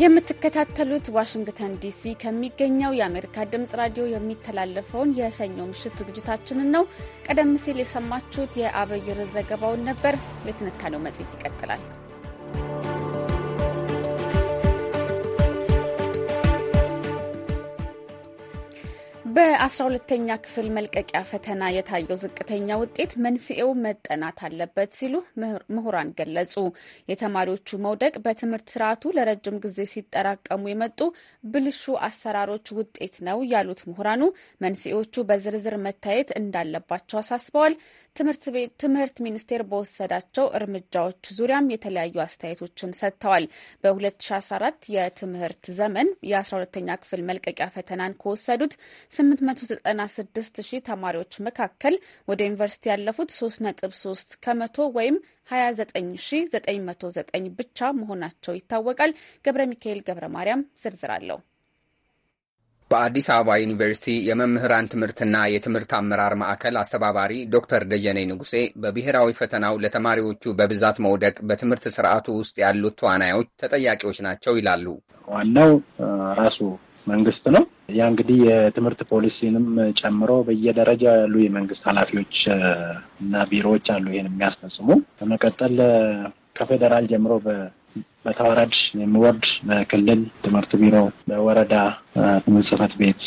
የምትከታተሉት ዋሽንግተን ዲሲ ከሚገኘው የአሜሪካ ድምጽ ራዲዮ የሚተላለፈውን የሰኞ ምሽት ዝግጅታችንን ነው። ቀደም ሲል የሰማችሁት የአበይር ዘገባውን ነበር። የትንታኔው መጽሔት ይቀጥላል። በ12ተኛ ክፍል መልቀቂያ ፈተና የታየው ዝቅተኛ ውጤት መንስኤው መጠናት አለበት ሲሉ ምሁራን ገለጹ። የተማሪዎቹ መውደቅ በትምህርት ስርዓቱ ለረጅም ጊዜ ሲጠራቀሙ የመጡ ብልሹ አሰራሮች ውጤት ነው ያሉት ምሁራኑ መንስኤዎቹ በዝርዝር መታየት እንዳለባቸው አሳስበዋል። ትምህርት ሚኒስቴር በወሰዳቸው እርምጃዎች ዙሪያም የተለያዩ አስተያየቶችን ሰጥተዋል። በ2014 የትምህርት ዘመን የ12ተኛ ክፍል መልቀቂያ ፈተናን ከወሰዱት ከ896 ሺህ ተማሪዎች መካከል ወደ ዩኒቨርሲቲ ያለፉት 3.3 ከመቶ ወይም 29909 ብቻ መሆናቸው ይታወቃል። ገብረ ሚካኤል ገብረ ማርያም ዝርዝር አለው። በአዲስ አበባ ዩኒቨርሲቲ የመምህራን ትምህርትና የትምህርት አመራር ማዕከል አስተባባሪ ዶክተር ደጀኔ ንጉሴ በብሔራዊ ፈተናው ለተማሪዎቹ በብዛት መውደቅ በትምህርት ስርዓቱ ውስጥ ያሉት ተዋናዮች ተጠያቂዎች ናቸው ይላሉ። ዋናው ራሱ መንግስት ነው። ያ እንግዲህ የትምህርት ፖሊሲንም ጨምሮ በየደረጃው ያሉ የመንግስት ኃላፊዎች እና ቢሮዎች አሉ ይህን የሚያስፈጽሙ። በመቀጠል ከፌዴራል ጀምሮ በተዋረድ የሚወርድ በክልል ትምህርት ቢሮ፣ በወረዳ ትምህርት ጽህፈት ቤት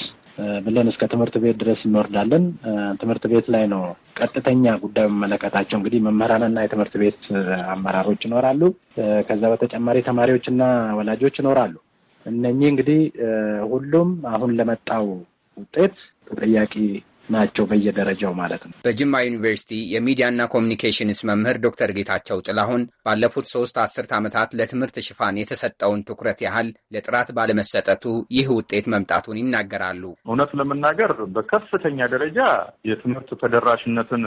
ብለን እስከ ትምህርት ቤት ድረስ እንወርዳለን። ትምህርት ቤት ላይ ነው ቀጥተኛ ጉዳዩ የሚመለከታቸው እንግዲህ መምህራንና የትምህርት ቤት አመራሮች ይኖራሉ። ከዛ በተጨማሪ ተማሪዎችና ወላጆች ይኖራሉ። እነኚህ እንግዲህ ሁሉም አሁን ለመጣው ውጤት ተጠያቂ ናቸው በየደረጃው ማለት ነው። በጅማ ዩኒቨርሲቲ የሚዲያና ኮሚኒኬሽንስ መምህር ዶክተር ጌታቸው ጥላሁን ባለፉት ሶስት አስርት ዓመታት ለትምህርት ሽፋን የተሰጠውን ትኩረት ያህል ለጥራት ባለመሰጠቱ ይህ ውጤት መምጣቱን ይናገራሉ። እውነት ለመናገር በከፍተኛ ደረጃ የትምህርት ተደራሽነትን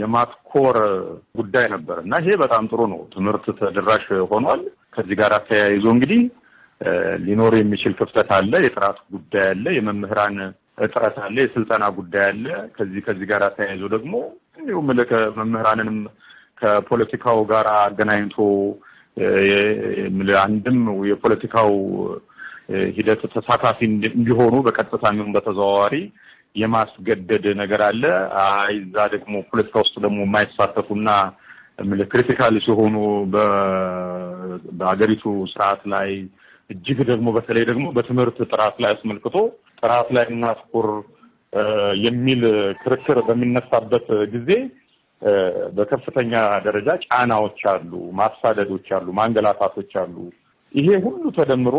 የማትኮር ጉዳይ ነበር እና ይሄ በጣም ጥሩ ነው። ትምህርት ተደራሽ ሆኗል። ከዚህ ጋር ተያይዞ እንግዲህ ሊኖር የሚችል ክፍተት አለ። የጥራት ጉዳይ አለ። የመምህራን እጥረት አለ። የስልጠና ጉዳይ አለ። ከዚህ ከዚህ ጋር ተያይዞ ደግሞ እንዲሁም መምህራንንም ከፖለቲካው ጋር አገናኝቶ አንድም የፖለቲካው ሂደት ተሳታፊ እንዲሆኑ በቀጥታ የሚሆን በተዘዋዋሪ የማስገደድ ነገር አለ። አይ እዛ ደግሞ ፖለቲካ ውስጥ ደግሞ የማይሳተፉና ክሪቲካል ሲሆኑ በሀገሪቱ ስርዓት ላይ እጅግ ደግሞ በተለይ ደግሞ በትምህርት ጥራት ላይ አስመልክቶ ጥራት ላይ እናትኩር የሚል ክርክር በሚነሳበት ጊዜ በከፍተኛ ደረጃ ጫናዎች አሉ፣ ማሳደዶች አሉ፣ ማንገላታቶች አሉ። ይሄ ሁሉ ተደምሮ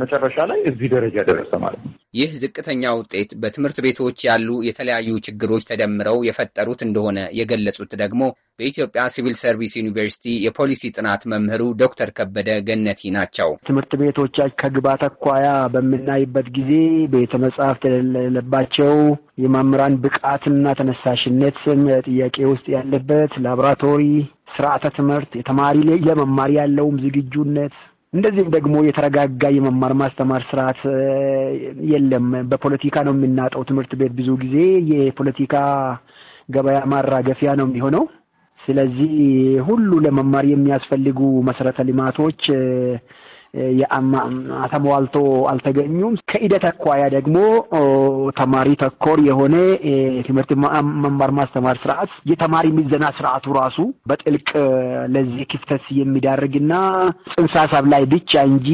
መጨረሻ ላይ እዚህ ደረጃ ደረሰ ማለት ነው። ይህ ዝቅተኛ ውጤት በትምህርት ቤቶች ያሉ የተለያዩ ችግሮች ተደምረው የፈጠሩት እንደሆነ የገለጹት ደግሞ በኢትዮጵያ ሲቪል ሰርቪስ ዩኒቨርሲቲ የፖሊሲ ጥናት መምህሩ ዶክተር ከበደ ገነቲ ናቸው። ትምህርት ቤቶች ከግባት አኳያ በምናይበት ጊዜ ቤተ ለባቸው የሌለባቸው፣ የመምህራን ብቃትና ተነሳሽነት ጥያቄ ውስጥ ያለበት ላቦራቶሪ ስርዓተ ትምህርት የተማሪ ለመማር ያለውም ዝግጁነት እንደዚህም ደግሞ የተረጋጋ የመማር ማስተማር ስርዓት የለም። በፖለቲካ ነው የምናጠው። ትምህርት ቤት ብዙ ጊዜ የፖለቲካ ገበያ ማራገፊያ ነው የሚሆነው። ስለዚህ ሁሉ ለመማር የሚያስፈልጉ መሰረተ ልማቶች ተሟልቶ አልተገኙም። ከሂደት አኳያ ደግሞ ተማሪ ተኮር የሆነ ትምህርት መማር ማስተማር ስርዓት የተማሪ ምዘና ስርዓቱ ራሱ በጥልቅ ለዚህ ክፍተት የሚዳርግና ጽንሰ ሀሳብ ላይ ብቻ እንጂ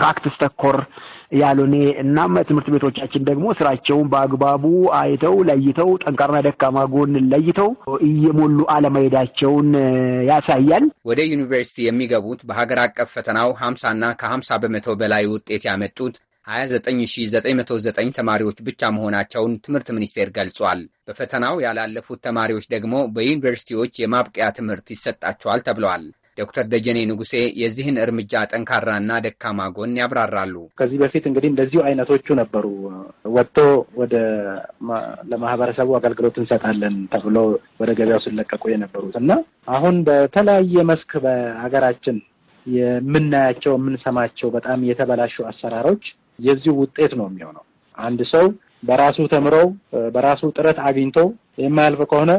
ፕራክቲስ ተኮር ያልሆነ እናም ትምህርት ቤቶቻችን ደግሞ ስራቸውን በአግባቡ አይተው ለይተው ጠንካራና ደካማ ጎን ለይተው እየሞሉ አለመሄዳቸውን ያሳያል። ወደ ዩኒቨርሲቲ የሚገቡት በሀገር አቀፍ ፈተናው ሀምሳና ከሀምሳ በመቶ በላይ ውጤት ያመጡት 29909 ተማሪዎች ብቻ መሆናቸውን ትምህርት ሚኒስቴር ገልጿል። በፈተናው ያላለፉት ተማሪዎች ደግሞ በዩኒቨርሲቲዎች የማብቂያ ትምህርት ይሰጣቸዋል ተብለዋል። ዶክተር ደጀኔ ንጉሴ የዚህን እርምጃ ጠንካራና ደካማ ጎን ያብራራሉ። ከዚህ በፊት እንግዲህ እንደዚሁ አይነቶቹ ነበሩ። ወጥቶ ወደ ለማህበረሰቡ አገልግሎት እንሰጣለን ተብሎ ወደ ገበያው ሲለቀቁ የነበሩት እና አሁን በተለያየ መስክ በሀገራችን የምናያቸው የምንሰማቸው በጣም የተበላሹ አሰራሮች የዚሁ ውጤት ነው የሚሆነው። አንድ ሰው በራሱ ተምሮ በራሱ ጥረት አግኝቶ የማያልፍ ከሆነ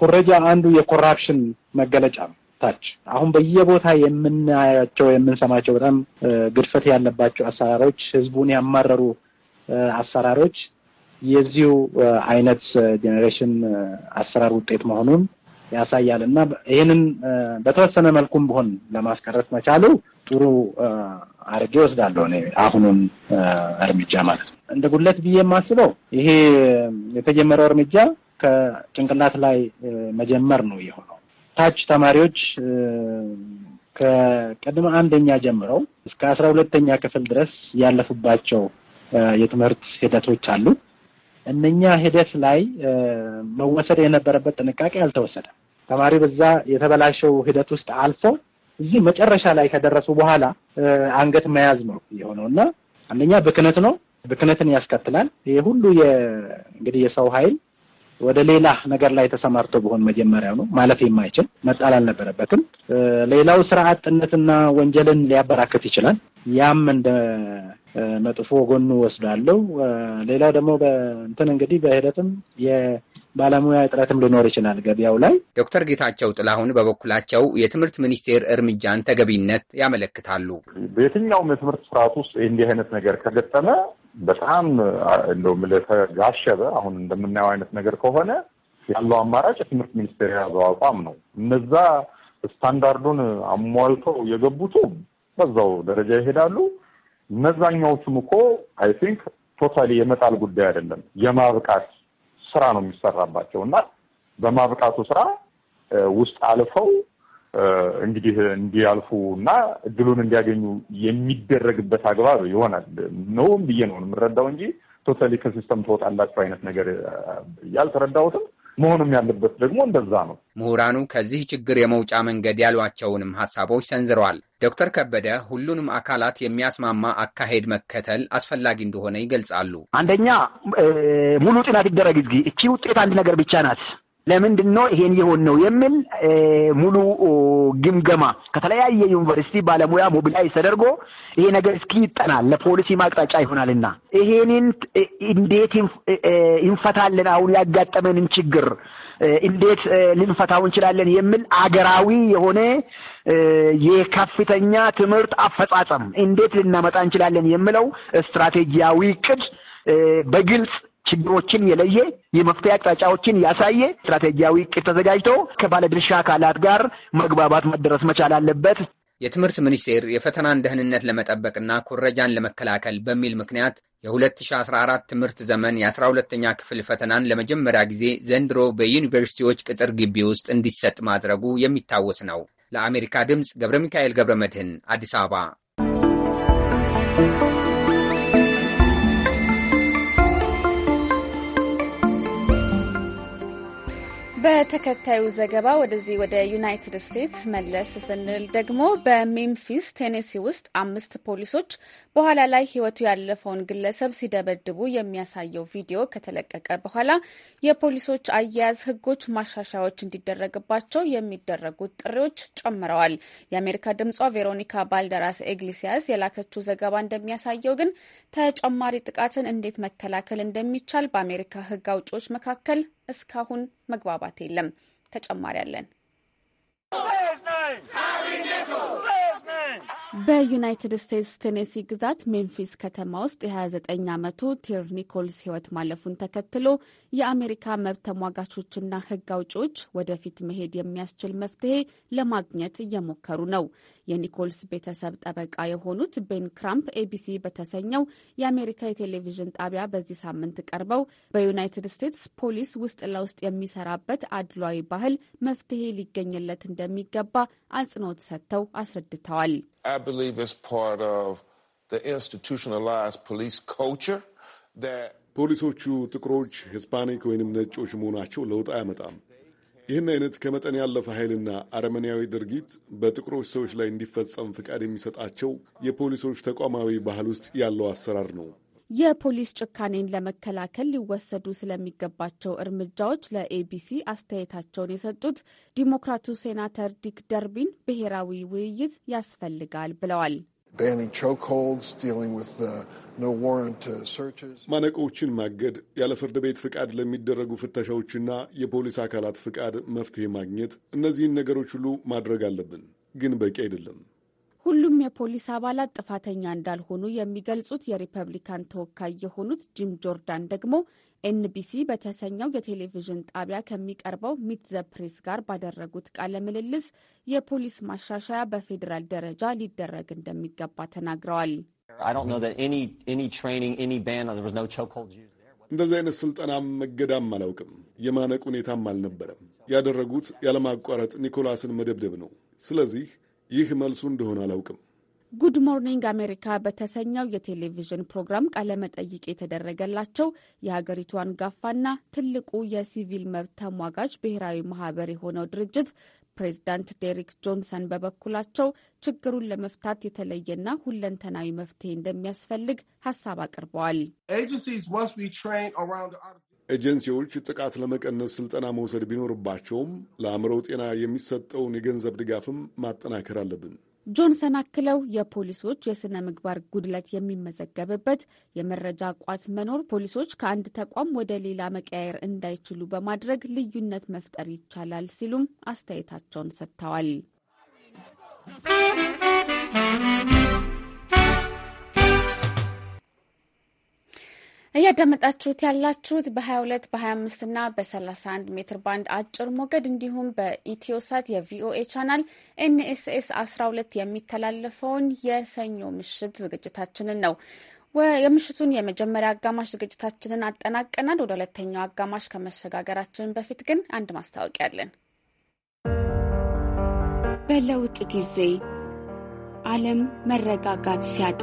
ኩረጃ አንዱ የኮራፕሽን መገለጫ ነው። ታች አሁን በየቦታ የምናያቸው የምንሰማቸው በጣም ግድፈት ያለባቸው አሰራሮች፣ ህዝቡን ያማረሩ አሰራሮች የዚሁ አይነት ጄኔሬሽን አሰራር ውጤት መሆኑን ያሳያል እና ይህንን በተወሰነ መልኩም ቢሆን ለማስቀረት መቻሉ ጥሩ አድርጌ ወስዳለሁ። እኔ አሁኑን እርምጃ ማለት ነው እንደ ጉለት ብዬ የማስበው ይሄ የተጀመረው እርምጃ ከጭንቅላት ላይ መጀመር ነው የሆነው ታች ተማሪዎች ከቅድመ አንደኛ ጀምረው እስከ አስራ ሁለተኛ ክፍል ድረስ ያለፉባቸው የትምህርት ሂደቶች አሉ። እነኛ ሂደት ላይ መወሰድ የነበረበት ጥንቃቄ አልተወሰደም። ተማሪ በዛ የተበላሸው ሂደት ውስጥ አልፎ እዚህ መጨረሻ ላይ ከደረሱ በኋላ አንገት መያዝ ነው የሆነው እና አንደኛ ብክነት ነው፣ ብክነትን ያስከትላል። ይህ ሁሉ እንግዲህ የሰው ኃይል ወደ ሌላ ነገር ላይ ተሰማርቶ ቢሆን መጀመሪያው ነው ማለፍ የማይችል መጣል አልነበረበትም። ሌላው ስራ አጥነትና ወንጀልን ሊያበራክት ይችላል። ያም እንደ መጥፎ ጎኑ ወስዳለው። ሌላው ደግሞ በእንትን እንግዲህ በሂደትም ባለሙያ እጥረትም ሊኖር ይችላል ገበያው ላይ። ዶክተር ጌታቸው ጥላሁን በበኩላቸው የትምህርት ሚኒስቴር እርምጃን ተገቢነት ያመለክታሉ። በየትኛውም የትምህርት ስርዓት ውስጥ እንዲህ አይነት ነገር ከገጠመ በጣም እንደውም ለተጋሸበ አሁን እንደምናየው አይነት ነገር ከሆነ ያለው አማራጭ የትምህርት ሚኒስቴር የያዘው አቋም ነው። እነዛ ስታንዳርዱን አሟልተው የገቡቱ በዛው ደረጃ ይሄዳሉ። እነዛኛዎቹም እኮ አይ ቲንክ ቶታሊ የመጣል ጉዳይ አይደለም የማብቃት ስራ ነው የሚሰራባቸው እና በማብቃቱ ስራ ውስጥ አልፈው እንግዲህ እንዲያልፉ እና እድሉን እንዲያገኙ የሚደረግበት አግባብ ይሆናል ነውም ብዬ ነው የምረዳው እንጂ ቶታሊ ከሲስተም ትወጣላችሁ አይነት ነገር ያልተረዳሁትም መሆንም ያለበት ደግሞ እንደዛ ነው። ምሁራኑ ከዚህ ችግር የመውጫ መንገድ ያሏቸውንም ሀሳቦች ሰንዝረዋል። ዶክተር ከበደ ሁሉንም አካላት የሚያስማማ አካሄድ መከተል አስፈላጊ እንደሆነ ይገልጻሉ። አንደኛ ሙሉ ጥናት ይደረግ። እቺ ውጤት አንድ ነገር ብቻ ናት። ለምንድን ነው ይሄን የሆን ነው የሚል ሙሉ ግምገማ ከተለያየ ዩኒቨርሲቲ ባለሙያ ሞቢላይዝ ተደርጎ ይሄ ነገር እስኪ ይጠናል ለፖሊሲ ማቅጣጫ ይሆናልና ይሄንን እንዴት እንፈታለን አሁን ያጋጠመንን ችግር እንዴት ልንፈታው እንችላለን የሚል አገራዊ የሆነ የከፍተኛ ትምህርት አፈጻጸም እንዴት ልናመጣ እንችላለን የሚለው ስትራቴጂያዊ ቅድ በግልጽ ችግሮችን የለየ የመፍትሄ አቅጣጫዎችን ያሳየ ስትራቴጂያዊ እቅድ ተዘጋጅቶ ከባለድርሻ አካላት ጋር መግባባት መደረስ መቻል አለበት። የትምህርት ሚኒስቴር የፈተናን ደህንነት ለመጠበቅና ኩረጃን ለመከላከል በሚል ምክንያት የ2014 ትምህርት ዘመን የ12ኛ ክፍል ፈተናን ለመጀመሪያ ጊዜ ዘንድሮ በዩኒቨርሲቲዎች ቅጥር ግቢ ውስጥ እንዲሰጥ ማድረጉ የሚታወስ ነው። ለአሜሪካ ድምፅ ገብረ ሚካኤል ገብረ መድህን አዲስ አበባ በተከታዩ ዘገባ ወደዚህ ወደ ዩናይትድ ስቴትስ መለስ ስንል ደግሞ በሜምፊስ ቴኔሲ ውስጥ አምስት ፖሊሶች በኋላ ላይ ሕይወቱ ያለፈውን ግለሰብ ሲደበድቡ የሚያሳየው ቪዲዮ ከተለቀቀ በኋላ የፖሊሶች አያያዝ ሕጎች ማሻሻያዎች እንዲደረግባቸው የሚደረጉት ጥሪዎች ጨምረዋል። የአሜሪካ ድምጿ ቬሮኒካ ባልደራስ ኤግሊሲያስ የላከችው ዘገባ እንደሚያሳየው ግን ተጨማሪ ጥቃትን እንዴት መከላከል እንደሚቻል በአሜሪካ ሕግ አውጪዎች መካከል እስካሁን መግባባት የለም። ተጨማሪ አለን። በዩናይትድ ስቴትስ ቴኔሲ ግዛት ሜምፊስ ከተማ ውስጥ የ29 ዓመቱ ቲር ኒኮልስ ሕይወት ማለፉን ተከትሎ የአሜሪካ መብት ተሟጋቾችና ሕግ አውጪዎች ወደፊት መሄድ የሚያስችል መፍትሄ ለማግኘት እየሞከሩ ነው። የኒኮልስ ቤተሰብ ጠበቃ የሆኑት ቤን ክራምፕ ኤቢሲ በተሰኘው የአሜሪካ የቴሌቪዥን ጣቢያ በዚህ ሳምንት ቀርበው በዩናይትድ ስቴትስ ፖሊስ ውስጥ ለውስጥ የሚሰራበት አድሏዊ ባህል መፍትሄ ሊገኝለት እንደሚገባ አጽንኦት ሰጥተው አስረድተዋል። ፖሊሶቹ ጥቁሮች፣ ሂስፓኒክ ወይንም ነጮች መሆናቸው ለውጥ አያመጣም። ይህን አይነት ከመጠን ያለፈ ኃይልና አረመኔያዊ ድርጊት በጥቁሮች ሰዎች ላይ እንዲፈጸም ፍቃድ የሚሰጣቸው የፖሊሶች ተቋማዊ ባህል ውስጥ ያለው አሰራር ነው። የፖሊስ ጭካኔን ለመከላከል ሊወሰዱ ስለሚገባቸው እርምጃዎች ለኤቢሲ አስተያየታቸውን የሰጡት ዲሞክራቱ ሴናተር ዲክ ደርቢን ብሔራዊ ውይይት ያስፈልጋል ብለዋል። Uh, uh, ማነቆዎችን ማገድ፣ ያለ ፍርድ ቤት ፍቃድ ለሚደረጉ ፍተሻዎችና የፖሊስ አካላት ፍቃድ መፍትሄ ማግኘት፣ እነዚህን ነገሮች ሁሉ ማድረግ አለብን፣ ግን በቂ አይደለም። ሁሉም የፖሊስ አባላት ጥፋተኛ እንዳልሆኑ የሚገልጹት የሪፐብሊካን ተወካይ የሆኑት ጂም ጆርዳን ደግሞ ኤንቢሲ በተሰኘው የቴሌቪዥን ጣቢያ ከሚቀርበው ሚት ዘ ፕሬስ ጋር ባደረጉት ቃለ ምልልስ የፖሊስ ማሻሻያ በፌዴራል ደረጃ ሊደረግ እንደሚገባ ተናግረዋል። እንደዚህ አይነት ስልጠናም መገዳም አላውቅም። የማነቅ ሁኔታም አልነበረም። ያደረጉት ያለማቋረጥ ኒኮላስን መደብደብ ነው። ስለዚህ ይህ መልሱ እንደሆነ አላውቅም። ጉድ ሞርኒንግ አሜሪካ በተሰኘው የቴሌቪዥን ፕሮግራም ቃለመጠይቅ የተደረገላቸው የሀገሪቱ አንጋፋና ትልቁ የሲቪል መብት ተሟጋጅ ብሔራዊ ማህበር የሆነው ድርጅት ፕሬዚዳንት ዴሪክ ጆንሰን በበኩላቸው ችግሩን ለመፍታት የተለየና ሁለንተናዊ መፍትሄ እንደሚያስፈልግ ሀሳብ አቅርበዋል። ኤጀንሲዎች ጥቃት ለመቀነስ ስልጠና መውሰድ ቢኖርባቸውም ለአእምሮ ጤና የሚሰጠውን የገንዘብ ድጋፍም ማጠናከር አለብን። ጆንሰን አክለው የፖሊሶች የሥነ ምግባር ጉድለት የሚመዘገብበት የመረጃ ቋት መኖር ፖሊሶች ከአንድ ተቋም ወደ ሌላ መቀያየር እንዳይችሉ በማድረግ ልዩነት መፍጠር ይቻላል ሲሉም አስተያየታቸውን ሰጥተዋል። እያዳመጣችሁት ያላችሁት በ22 በ25 እና በ31 ሜትር ባንድ አጭር ሞገድ እንዲሁም በኢትዮሳት የቪኦኤ ቻናል ኤንኤስኤስ 12 የሚተላለፈውን የሰኞ ምሽት ዝግጅታችንን ነው። የምሽቱን የመጀመሪያ አጋማሽ ዝግጅታችንን አጠናቀናል። ወደ ሁለተኛው አጋማሽ ከመሸጋገራችን በፊት ግን አንድ ማስታወቂያ አለን። በለውጥ ጊዜ ዓለም መረጋጋት ሲያጣ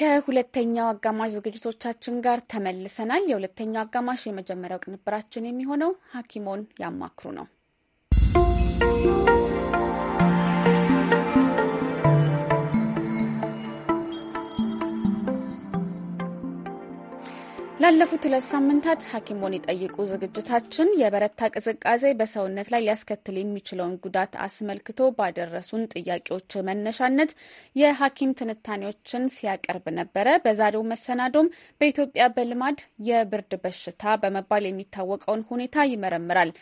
ከሁለተኛው አጋማሽ ዝግጅቶቻችን ጋር ተመልሰናል። የሁለተኛው አጋማሽ የመጀመሪያው ቅንብራችን የሚሆነው ሐኪሞን ያማክሩ ነው። ላለፉት ሁለት ሳምንታት ሐኪሞን ይጠይቁ ዝግጅታችን የበረታ ቅዝቃዜ በሰውነት ላይ ሊያስከትል የሚችለውን ጉዳት አስመልክቶ ባደረሱን ጥያቄዎች መነሻነት የሐኪም ትንታኔዎችን ሲያቀርብ ነበረ። በዛሬው መሰናዶም በኢትዮጵያ በልማድ የብርድ በሽታ በመባል የሚታወቀውን ሁኔታ ይመረምራል።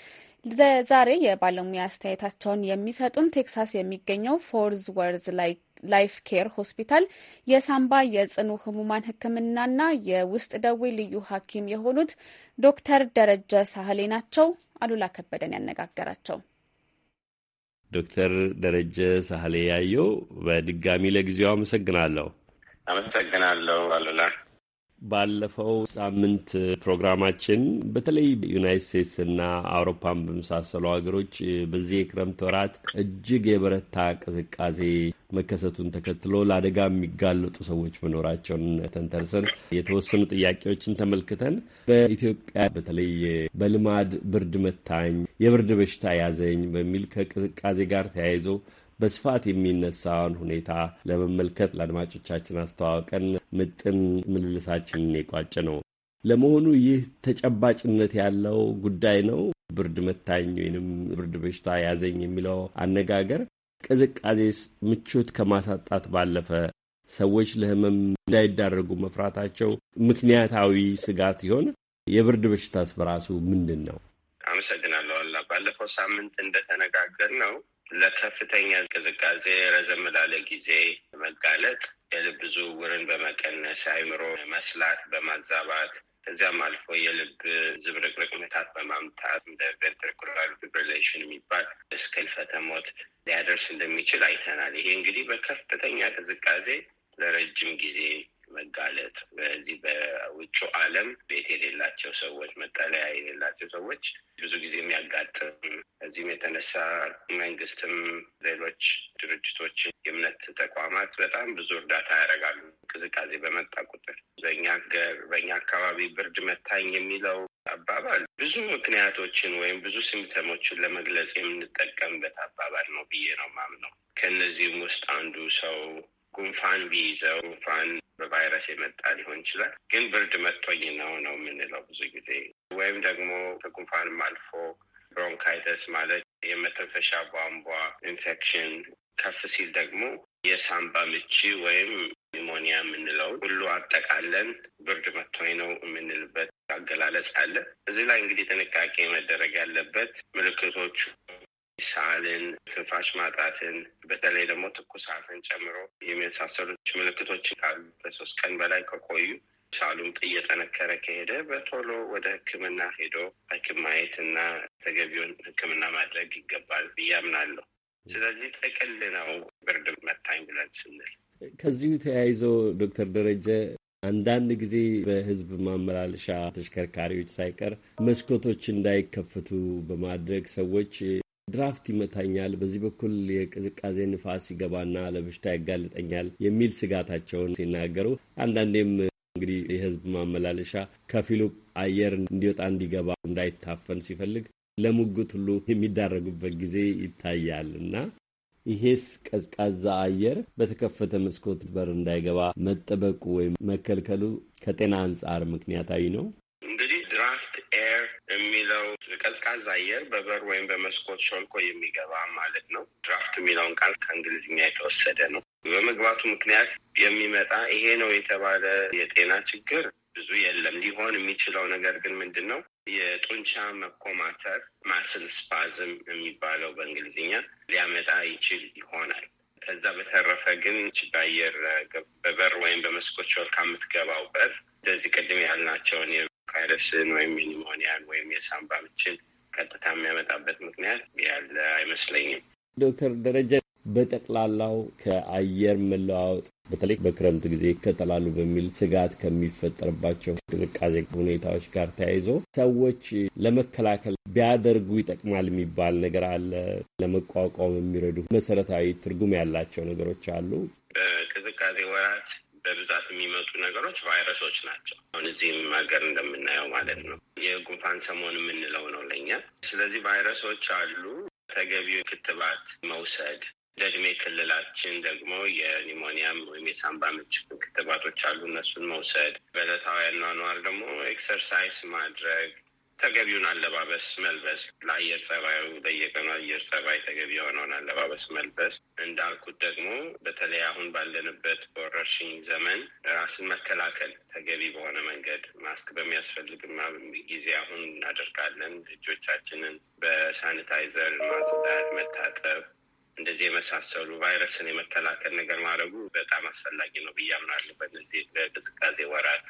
ዛሬ የባለሙያ አስተያየታቸውን የሚሰጡን ቴክሳስ የሚገኘው ፎርዝ ወርዝ ላይ ላይፍ ኬር ሆስፒታል የሳምባ የጽኑ ህሙማን ሕክምናና የውስጥ ደዌ ልዩ ሐኪም የሆኑት ዶክተር ደረጀ ሳህሌ ናቸው። አሉላ ከበደን ያነጋገራቸው ዶክተር ደረጀ ሳህሌ ያየው፣ በድጋሚ ለጊዜው አመሰግናለሁ። አመሰግናለሁ አሉላ። ባለፈው ሳምንት ፕሮግራማችን በተለይ ዩናይት ስቴትስ አውሮፓን በመሳሰሉ ሀገሮች በዚህ የክረምት ወራት እጅግ የበረታ ቅዝቃዜ መከሰቱን ተከትሎ ለአደጋ የሚጋለጡ ሰዎች መኖራቸውን ተንተርሰን የተወሰኑ ጥያቄዎችን ተመልክተን በኢትዮጵያ በተለይ በልማድ ብርድ መታኝ፣ የብርድ በሽታ ያዘኝ በሚል ከቅዝቃዜ ጋር ተያይዘው በስፋት የሚነሳውን ሁኔታ ለመመልከት ለአድማጮቻችን አስተዋወቀን ምጥን ምልልሳችንን የቋጭ ነው። ለመሆኑ ይህ ተጨባጭነት ያለው ጉዳይ ነው? ብርድ መታኝ ወይንም ብርድ በሽታ ያዘኝ የሚለው አነጋገር ቅዝቃዜስ ምቾት ከማሳጣት ባለፈ ሰዎች ለሕመም እንዳይዳረጉ መፍራታቸው ምክንያታዊ ስጋት ይሆን? የብርድ በሽታስ በራሱ ምንድን ነው? አመሰግናለሁ አላ ባለፈው ሳምንት እንደተነጋገር ነው ለከፍተኛ ቅዝቃዜ ረዘም ላለ ጊዜ መጋለጥ የልብ ዝውውርን በመቀነስ አይምሮ መስላት በማዛባት ከዚያም አልፎ የልብ ዝብርቅርቅ ምታት በማምጣት እንደ ቬንትሪኩላር ፊብሪሌሽን የሚባል እስከ ሕልፈተ ሞት ሊያደርስ እንደሚችል አይተናል። ይሄ እንግዲህ በከፍተኛ ቅዝቃዜ ለረጅም ጊዜ መጋለጥ በዚህ በውጭ ዓለም ቤት የሌላቸው ሰዎች መጠለያ የሌላቸው ሰዎች ብዙ ጊዜ የሚያጋጥም እዚህም የተነሳ መንግስትም፣ ሌሎች ድርጅቶች፣ የእምነት ተቋማት በጣም ብዙ እርዳታ ያደርጋሉ። ቅዝቃዜ በመጣ ቁጥር በእኛ ሀገር በእኛ አካባቢ ብርድ መታኝ የሚለው አባባል ብዙ ምክንያቶችን ወይም ብዙ ሲምፕተሞችን ለመግለጽ የምንጠቀምበት አባባል ነው ብዬ ነው ማምነው። ከእነዚህም ውስጥ አንዱ ሰው ጉንፋን ቢይዘው ጉንፋን በቫይረስ የመጣ ሊሆን ይችላል። ግን ብርድ መጥቶኝ ነው ነው የምንለው ብዙ ጊዜ ወይም ደግሞ ከጉንፋንም አልፎ ብሮንካይተስ ማለት የመተንፈሻ ቧንቧ ኢንፌክሽን ከፍ ሲል ደግሞ የሳምባ ምቺ ወይም ኒሞኒያ የምንለው ሁሉ አጠቃለን ብርድ መጥቶኝ ነው የምንልበት አገላለጽ አለ። እዚህ ላይ እንግዲህ ጥንቃቄ መደረግ ያለበት ምልክቶቹ ሳልን፣ ትንፋሽ ማጣትን፣ በተለይ ደግሞ ትኩሳትን ጨምሮ የመሳሰሉት ምልክቶች ካሉ በሶስት ቀን በላይ ከቆዩ ሳሉም እየጠነከረ ከሄደ በቶሎ ወደ ሕክምና ሄዶ ሐኪም ማየት እና ተገቢውን ሕክምና ማድረግ ይገባል ብዬ አምናለሁ። ስለዚህ ጥቅል ነው ብርድ መታኝ ብለን ስንል። ከዚሁ ተያይዞ ዶክተር ደረጀ አንዳንድ ጊዜ በህዝብ ማመላለሻ ተሽከርካሪዎች ሳይቀር መስኮቶች እንዳይከፍቱ በማድረግ ሰዎች ድራፍት ይመታኛል፣ በዚህ በኩል የቅዝቃዜ ንፋስ ይገባና ለበሽታ ያጋልጠኛል የሚል ስጋታቸውን ሲናገሩ አንዳንዴም እንግዲህ የህዝብ ማመላለሻ ከፊሉ አየር እንዲወጣ እንዲገባ እንዳይታፈን ሲፈልግ ለሙግት ሁሉ የሚዳረጉበት ጊዜ ይታያል እና ይሄስ ቀዝቃዛ አየር በተከፈተ መስኮት በር እንዳይገባ መጠበቁ ወይም መከልከሉ ከጤና አንጻር ምክንያታዊ ነው። እንግዲህ ድራፍት ኤር የሚለው ቀዝቃዛ አየር በበር ወይም በመስኮት ሾልኮ የሚገባ ማለት ነው። ድራፍት የሚለውን ቃል ከእንግሊዝኛ የተወሰደ ነው። በመግባቱ ምክንያት የሚመጣ ይሄ ነው የተባለ የጤና ችግር ብዙ የለም። ሊሆን የሚችለው ነገር ግን ምንድን ነው? የጡንቻ መኮማተር ማስል ስፓዝም የሚባለው በእንግሊዝኛ ሊያመጣ ይችል ይሆናል። ከዛ በተረፈ ግን በአየር በበር ወይም በመስኮት ሾልካ የምትገባው በር እንደዚህ ቅድም ያልናቸውን ቫይረስን ወይም የኒሞኒያን ወይም የሳምባ ምችን ቀጥታ የሚያመጣበት ምክንያት ያለ አይመስለኝም። ዶክተር ደረጀ በጠቅላላው ከአየር መለዋወጥ በተለይ በክረምት ጊዜ ይከተላሉ በሚል ስጋት ከሚፈጠርባቸው ቅዝቃዜ ሁኔታዎች ጋር ተያይዞ ሰዎች ለመከላከል ቢያደርጉ ይጠቅማል የሚባል ነገር አለ። ለመቋቋም የሚረዱ መሰረታዊ ትርጉም ያላቸው ነገሮች አሉ። በቅዝቃዜ ወራት በብዛት የሚመጡ ነገሮች ቫይረሶች ናቸው። አሁን እዚህም ሀገር እንደምናየው ማለት ነው የጉንፋን ሰሞን የምንለው ነው ለኛ። ስለዚህ ቫይረሶች አሉ። ተገቢው ክትባት መውሰድ ለእድሜ ክልላችን ደግሞ የኒሞኒያም ወይም የሳምባ ምች ክትባቶች አሉ። እነሱን መውሰድ በዕለታዊ አኗኗር ደግሞ ኤክሰርሳይስ ማድረግ ተገቢውን አለባበስ መልበስ፣ ለአየር ጸባዩ በየቀኑ አየር ጸባይ ተገቢ የሆነውን አለባበስ መልበስ፣ እንዳልኩት ደግሞ በተለይ አሁን ባለንበት በወረርሽኝ ዘመን ራስን መከላከል ተገቢ በሆነ መንገድ ማስክ በሚያስፈልግ ጊዜ አሁን እናደርጋለን። እጆቻችንን በሳኒታይዘር ማጽዳት፣ መታጠብ እንደዚህ የመሳሰሉ ቫይረስን የመከላከል ነገር ማድረጉ በጣም አስፈላጊ ነው ብዬ አምናለሁ በእነዚህ ወራት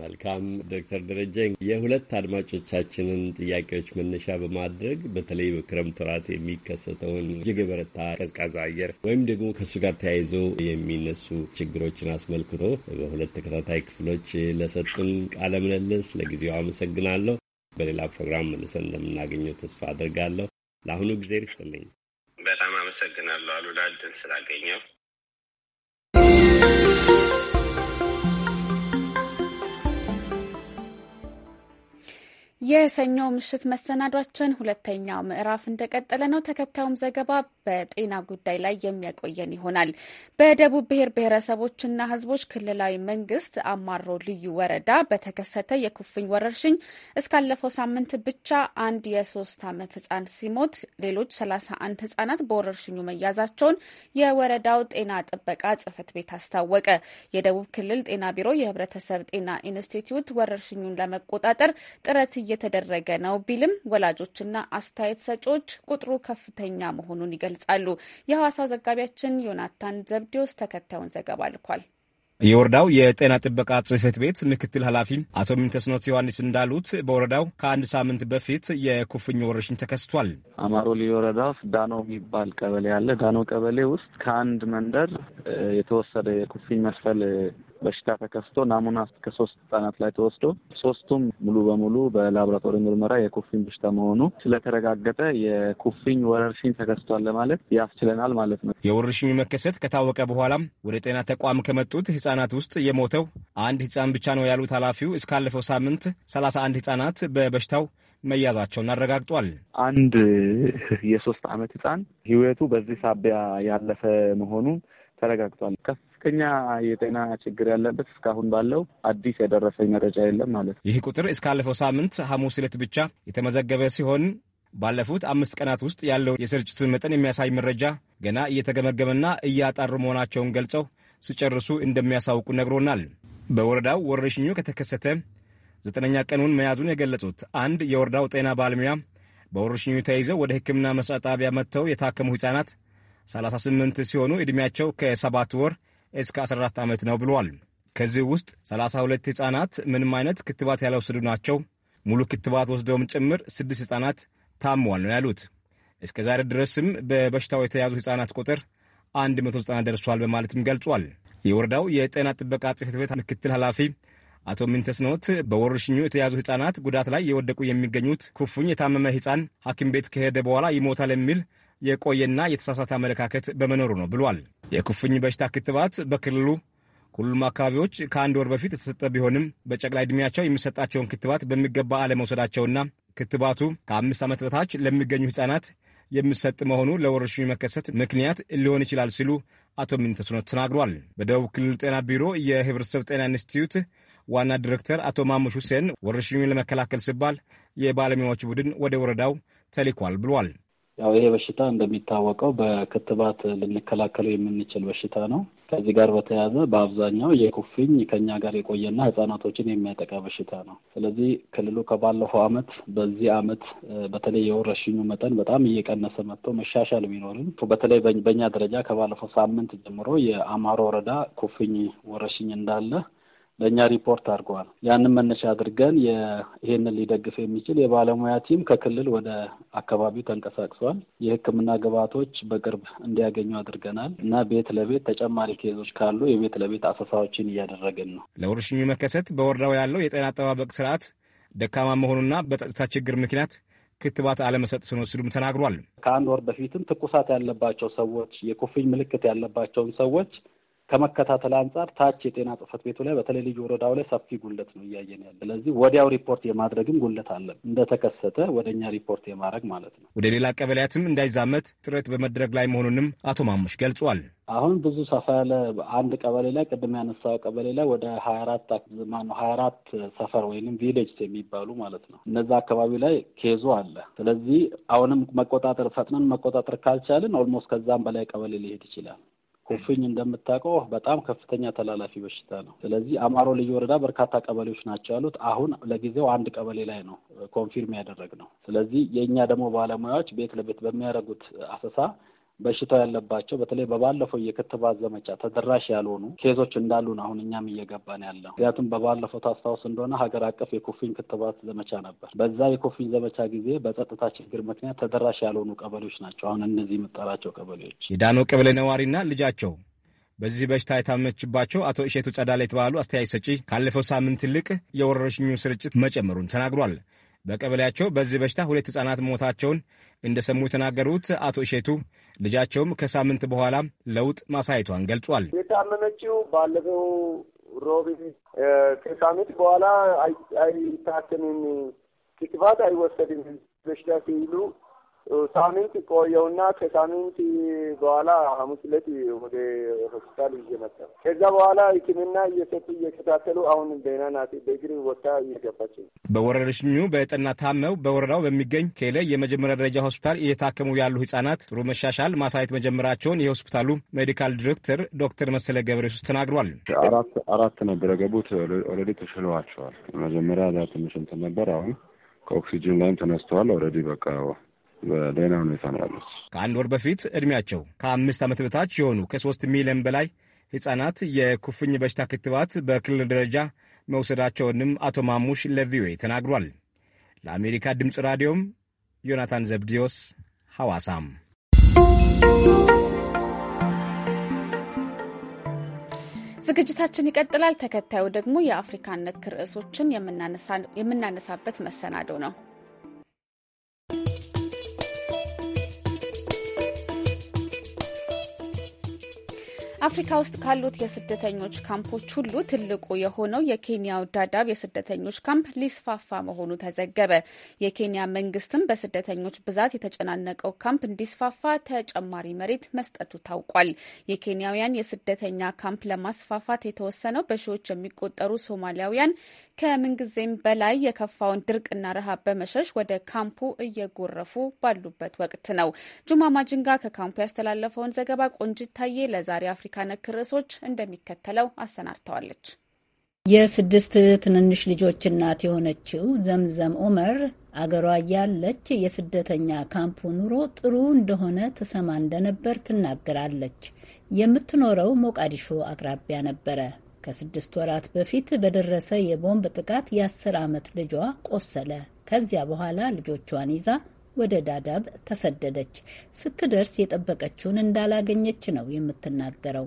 መልካም ዶክተር ደረጀ የሁለት አድማጮቻችንን ጥያቄዎች መነሻ በማድረግ በተለይ በክረምት ወራት የሚከሰተውን እጅግ የበረታ ቀዝቃዛ አየር ወይም ደግሞ ከእሱ ጋር ተያይዘው የሚነሱ ችግሮችን አስመልክቶ በሁለት ተከታታይ ክፍሎች ለሰጡን ቃለ ምልልስ ለጊዜው አመሰግናለሁ። በሌላ ፕሮግራም መልሰን እንደምናገኘው ተስፋ አድርጋለሁ። ለአሁኑ ጊዜ ርስጥልኝ። በጣም አመሰግናለሁ አሉላ ድን ስላገኘው የሰኞ ምሽት መሰናዷችን ሁለተኛው ምዕራፍ እንደቀጠለ ነው። ተከታዩም ዘገባ በጤና ጉዳይ ላይ የሚያቆየን ይሆናል። በደቡብ ብሔር ብሔረሰቦችና ሕዝቦች ክልላዊ መንግስት አማሮ ልዩ ወረዳ በተከሰተ የኩፍኝ ወረርሽኝ እስካለፈው ሳምንት ብቻ አንድ የሶስት ዓመት ህጻን ሲሞት ሌሎች 31 ህጻናት በወረርሽኙ መያዛቸውን የወረዳው ጤና ጥበቃ ጽህፈት ቤት አስታወቀ። የደቡብ ክልል ጤና ቢሮ የህብረተሰብ ጤና ኢንስቲትዩት ወረርሽኙን ለመቆጣጠር ጥረት እየተደረገ ነው ቢልም ወላጆችና አስተያየት ሰጪዎች ቁጥሩ ከፍተኛ መሆኑን ይገልጻሉ። የሐዋሳው ዘጋቢያችን ዮናታን ዘብዲዮስ ተከታዩን ዘገባ ልኳል። የወረዳው የጤና ጥበቃ ጽህፈት ቤት ምክትል ኃላፊ አቶ ምንተስኖት ዮሐንስ እንዳሉት በወረዳው ከአንድ ሳምንት በፊት የኩፍኝ ወረርሽኝ ተከስቷል። አማሮ ልዩ ወረዳ ውስጥ ዳኖ የሚባል ቀበሌ አለ። ዳኖ ቀበሌ ውስጥ ከአንድ መንደር የተወሰደ የኩፍኝ መስፈል በሽታ ተከስቶ ናሙና ከሶስት ህጻናት ላይ ተወስዶ ሶስቱም ሙሉ በሙሉ በላቦራቶሪ ምርመራ የኩፍኝ በሽታ መሆኑ ስለተረጋገጠ የኩፍኝ ወረርሽኝ ተከስቷል ለማለት ያስችለናል ማለት ነው። የወረርሽኙ መከሰት ከታወቀ በኋላም ወደ ጤና ተቋም ከመጡት ህጻናት ውስጥ የሞተው አንድ ህጻን ብቻ ነው ያሉት ኃላፊው እስካለፈው ሳምንት ሰላሳ አንድ ህጻናት በበሽታው መያዛቸውን አረጋግጧል። አንድ የሶስት አመት ህጻን ህይወቱ በዚህ ሳቢያ ያለፈ መሆኑ ተረጋግጧል። ከፍ ከፍተኛ የጤና ችግር ያለበት እስካሁን ባለው አዲስ የደረሰኝ መረጃ የለም ማለት ነው። ይህ ቁጥር እስካለፈው ሳምንት ሐሙስ ዕለት ብቻ የተመዘገበ ሲሆን ባለፉት አምስት ቀናት ውስጥ ያለው የስርጭቱን መጠን የሚያሳይ መረጃ ገና እየተገመገመና እያጣሩ መሆናቸውን ገልጸው ሲጨርሱ እንደሚያሳውቁ ነግሮናል። በወረዳው ወረርሽኙ ከተከሰተ ዘጠነኛ ቀኑን መያዙን የገለጹት አንድ የወረዳው ጤና ባለሙያ በወረርሽኙ ተይዘው ወደ ሕክምና መስጫ ጣቢያ መጥተው የታከሙ ሕፃናት 38 ሲሆኑ ዕድሜያቸው ከሰባት ወር እስከ 14 ዓመት ነው ብሏል። ከዚህ ውስጥ 32 ሕፃናት ምንም አይነት ክትባት ያልወሰዱ ናቸው። ሙሉ ክትባት ወስደውም ጭምር ስድስት ሕፃናት ታመዋል ነው ያሉት። እስከ ዛሬ ድረስም በበሽታው የተያዙ ሕፃናት ቁጥር 190 ደርሷል በማለትም ገልጿል። የወረዳው የጤና ጥበቃ ጽሕፈት ቤት ምክትል ኃላፊ አቶ ሚንተስኖት በወረርሽኙ የተያዙ ሕፃናት ጉዳት ላይ የወደቁ የሚገኙት ኩፍኝ የታመመ ሕፃን ሐኪም ቤት ከሄደ በኋላ ይሞታል የሚል የቆየና የተሳሳተ አመለካከት በመኖሩ ነው ብሏል። የኩፍኝ በሽታ ክትባት በክልሉ ሁሉም አካባቢዎች ከአንድ ወር በፊት የተሰጠ ቢሆንም በጨቅላ ዕድሜያቸው የሚሰጣቸውን ክትባት በሚገባ አለመውሰዳቸውና ክትባቱ ከአምስት ዓመት በታች ለሚገኙ ሕፃናት የሚሰጥ መሆኑ ለወረርሽኙ መከሰት ምክንያት ሊሆን ይችላል ሲሉ አቶ ምንተስኖት ተናግሯል። በደቡብ ክልል ጤና ቢሮ የህብረተሰብ ጤና ኢንስቲትዩት ዋና ዲሬክተር አቶ ማሙሽ ሁሴን ወረርሽኙን ለመከላከል ሲባል የባለሙያዎች ቡድን ወደ ወረዳው ተልኳል ብሏል። ያው ይሄ በሽታ እንደሚታወቀው በክትባት ልንከላከለው የምንችል በሽታ ነው። ከዚህ ጋር በተያያዘ በአብዛኛው የኩፍኝ ከኛ ጋር የቆየና ህጻናቶችን የሚያጠቃ በሽታ ነው። ስለዚህ ክልሉ ከባለፈው አመት በዚህ አመት በተለይ የወረሽኙ መጠን በጣም እየቀነሰ መጥቶ መሻሻል ቢኖርም በተለይ በእኛ ደረጃ ከባለፈው ሳምንት ጀምሮ የአማሮ ወረዳ ኩፍኝ ወረሽኝ እንዳለ ለእኛ ሪፖርት አድርገዋል። ያንን መነሻ አድርገን ይሄንን ሊደግፍ የሚችል የባለሙያ ቲም ከክልል ወደ አካባቢው ተንቀሳቅሷል። የሕክምና ግብዓቶች በቅርብ እንዲያገኙ አድርገናል እና ቤት ለቤት ተጨማሪ ኬዞች ካሉ የቤት ለቤት አሰሳዎችን እያደረግን ነው። ለወረርሽኙ መከሰት በወረዳው ያለው የጤና አጠባበቅ ስርዓት ደካማ መሆኑና በጸጥታ ችግር ምክንያት ክትባት አለመሰጥ ነው ተናግሯል። ከአንድ ወር በፊትም ትኩሳት ያለባቸው ሰዎች፣ የኩፍኝ ምልክት ያለባቸውን ሰዎች ከመከታተል አንጻር ታች የጤና ጽህፈት ቤቱ ላይ በተለይ ልዩ ወረዳው ላይ ሰፊ ጉለት ነው እያየን ያለ። ስለዚህ ወዲያው ሪፖርት የማድረግም ጉለት አለ እንደተከሰተ ወደ እኛ ሪፖርት የማድረግ ማለት ነው። ወደ ሌላ ቀበሌያትም እንዳይዛመት ጥረት በመድረግ ላይ መሆኑንም አቶ ማሙሽ ገልጿል። አሁን ብዙ ሰፋ ያለ አንድ ቀበሌ ላይ ቅድም ያነሳው ቀበሌ ላይ ወደ ሀያ አራት ማነው ሀያ አራት ሰፈር ወይም ቪሌጅ የሚባሉ ማለት ነው። እነዛ አካባቢ ላይ ኬዙ አለ። ስለዚህ አሁንም መቆጣጠር ፈጥነን መቆጣጠር ካልቻልን ኦልሞስት ከዛም በላይ ቀበሌ ሊሄድ ይችላል። ኩፍኝ እንደምታውቀው በጣም ከፍተኛ ተላላፊ በሽታ ነው። ስለዚህ አማሮ ልዩ ወረዳ በርካታ ቀበሌዎች ናቸው ያሉት። አሁን ለጊዜው አንድ ቀበሌ ላይ ነው ኮንፊርም ያደረግ ነው። ስለዚህ የእኛ ደግሞ ባለሙያዎች ቤት ለቤት በሚያደርጉት አሰሳ በሽታ ያለባቸው በተለይ በባለፈው የክትባት ዘመቻ ተደራሽ ያልሆኑ ኬዞች እንዳሉ ነው አሁን እኛም እየገባን ያለው። ምክንያቱም በባለፈው ታስታውስ እንደሆነ ሀገር አቀፍ የኮፊን ክትባት ዘመቻ ነበር። በዛ የኮፊን ዘመቻ ጊዜ በጸጥታ ችግር ምክንያት ተደራሽ ያልሆኑ ቀበሌዎች ናቸው አሁን እነዚህ የምጠራቸው ቀበሌዎች። የዳኖ ቀበሌ ነዋሪና ልጃቸው በዚህ በሽታ የታመችባቸው አቶ እሸቱ ጸዳላ የተባሉ አስተያየት ሰጪ ካለፈው ሳምንት ይልቅ የወረርሽኙ ስርጭት መጨመሩን ተናግሯል። በቀበሌያቸው በዚህ በሽታ ሁለት ህጻናት ሞታቸውን እንደሰሙ የተናገሩት አቶ እሸቱ ልጃቸውም ከሳምንት በኋላ ለውጥ ማሳየቷን ገልጿል። የታመመችው ባለፈው ሮቢት ከሳምንት በኋላ አይታከምም፣ ክትባት አይወሰድም በሽታ ሲሉ ሳምንት ቆየውና ከሳምንት በኋላ ሐሙስ ዕለት ወደ ሆስፒታል እየመጣ ከዛ በኋላ ሕክምና እየሰጡ እየከታተሉ አሁን ደህና ናት። በእግር ወታ እየገባች በወረርሽኙ በጠና ታመው በወረዳው በሚገኝ ኬለ የመጀመሪያ ደረጃ ሆስፒታል እየታከሙ ያሉ ህጻናት ጥሩ መሻሻል ማሳየት መጀመራቸውን የሆስፒታሉ ሜዲካል ዲሬክተር ዶክተር መሰለ ገብረሱስ ተናግሯል። አራት አራት ነበረ ገቡት ኦልሬዲ ተሽለዋቸዋል። መጀመሪያ ትንሽ እንትን ነበር። አሁን ከኦክሲጅን ላይም ተነስተዋል። ኦልሬዲ በቃ በደህና ሁኔታ ነው ያሉት። ከአንድ ወር በፊት እድሜያቸው ከአምስት ዓመት በታች የሆኑ ከሶስት ሚሊዮን በላይ ህጻናት የኩፍኝ በሽታ ክትባት በክልል ደረጃ መውሰዳቸውንም አቶ ማሙሽ ለቪኦኤ ተናግሯል። ለአሜሪካ ድምፅ ራዲዮም ዮናታን ዘብዲዮስ ሐዋሳም። ዝግጅታችን ይቀጥላል። ተከታዩ ደግሞ የአፍሪካ ነክ ርዕሶችን የምናነሳበት መሰናዶ ነው። አፍሪካ ውስጥ ካሉት የስደተኞች ካምፖች ሁሉ ትልቁ የሆነው የኬንያው ዳዳብ የስደተኞች ካምፕ ሊስፋፋ መሆኑ ተዘገበ። የኬንያ መንግስትም በስደተኞች ብዛት የተጨናነቀው ካምፕ እንዲስፋፋ ተጨማሪ መሬት መስጠቱ ታውቋል። የኬንያውያን የስደተኛ ካምፕ ለማስፋፋት የተወሰነው በሺዎች የሚቆጠሩ ሶማሊያውያን ከምንጊዜም በላይ የከፋውን ድርቅና ረሃብ በመሸሽ ወደ ካምፑ እየጎረፉ ባሉበት ወቅት ነው። ጁማ ማጅንጋ ከካምፑ ያስተላለፈውን ዘገባ ቆንጅት ታዬ ለዛሬ አፍሪካ ነክ ርዕሶች እንደሚከተለው አሰናድተዋለች። የስድስት ትንንሽ ልጆች እናት የሆነችው ዘምዘም ኡመር አገሯ ያለች የስደተኛ ካምፑ ኑሮ ጥሩ እንደሆነ ትሰማ እንደነበር ትናገራለች። የምትኖረው ሞቃዲሾ አቅራቢያ ነበረ። ከስድስት ወራት በፊት በደረሰ የቦምብ ጥቃት የአስር ዓመት ልጇ ቆሰለ። ከዚያ በኋላ ልጆቿን ይዛ ወደ ዳዳብ ተሰደደች። ስትደርስ የጠበቀችውን እንዳላገኘች ነው የምትናገረው።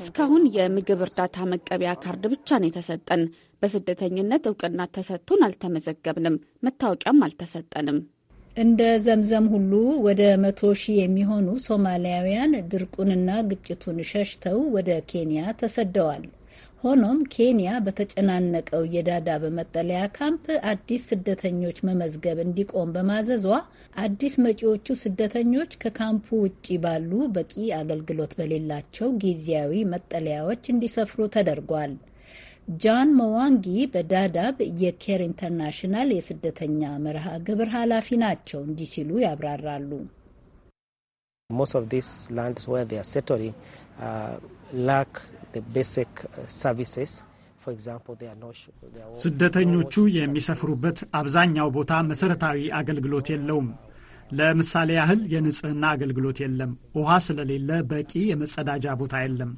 እስካሁን የምግብ እርዳታ መቀበያ ካርድ ብቻ ነው የተሰጠን። በስደተኝነት እውቅና ተሰጥቶን አልተመዘገብንም፣ መታወቂያም አልተሰጠንም። እንደ ዘምዘም ሁሉ ወደ መቶ ሺህ የሚሆኑ ሶማሊያውያን ድርቁንና ግጭቱን ሸሽተው ወደ ኬንያ ተሰደዋል። ሆኖም ኬንያ በተጨናነቀው የዳዳብ መጠለያ ካምፕ አዲስ ስደተኞች መመዝገብ እንዲቆም በማዘዟ አዲስ መጪዎቹ ስደተኞች ከካምፑ ውጪ ባሉ በቂ አገልግሎት በሌላቸው ጊዜያዊ መጠለያዎች እንዲሰፍሩ ተደርጓል። ጃን መዋንጊ በዳዳብ የኬር ኢንተርናሽናል የስደተኛ መርሃ ግብር ኃላፊ ናቸው። እንዲህ ሲሉ ያብራራሉ። uh, ስደተኞቹ የሚሰፍሩበት አብዛኛው ቦታ መሰረታዊ አገልግሎት የለውም። ለምሳሌ ያህል የንጽህና አገልግሎት የለም። ውሃ ስለሌለ በቂ የመጸዳጃ ቦታ የለም።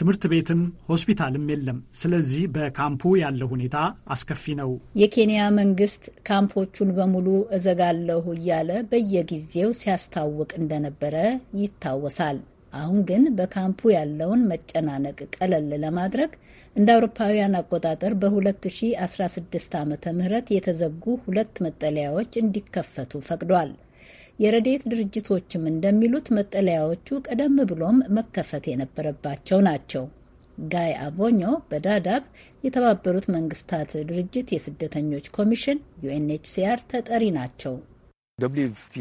ትምህርት ቤትም ሆስፒታልም የለም። ስለዚህ በካምፑ ያለው ሁኔታ አስከፊ ነው። የኬንያ መንግስት ካምፖቹን በሙሉ እዘጋለሁ እያለ በየጊዜው ሲያስታውቅ እንደነበረ ይታወሳል። አሁን ግን በካምፑ ያለውን መጨናነቅ ቀለል ለማድረግ እንደ አውሮፓውያን አቆጣጠር በ2016 ዓ ም የተዘጉ ሁለት መጠለያዎች እንዲከፈቱ ፈቅዷል። የረዴት ድርጅቶችም እንደሚሉት መጠለያዎቹ ቀደም ብሎም መከፈት የነበረባቸው ናቸው። ጋይ አቮኞ በዳዳብ የተባበሩት መንግስታት ድርጅት የስደተኞች ኮሚሽን ዩኤንኤችሲአር ተጠሪ ናቸው። uh,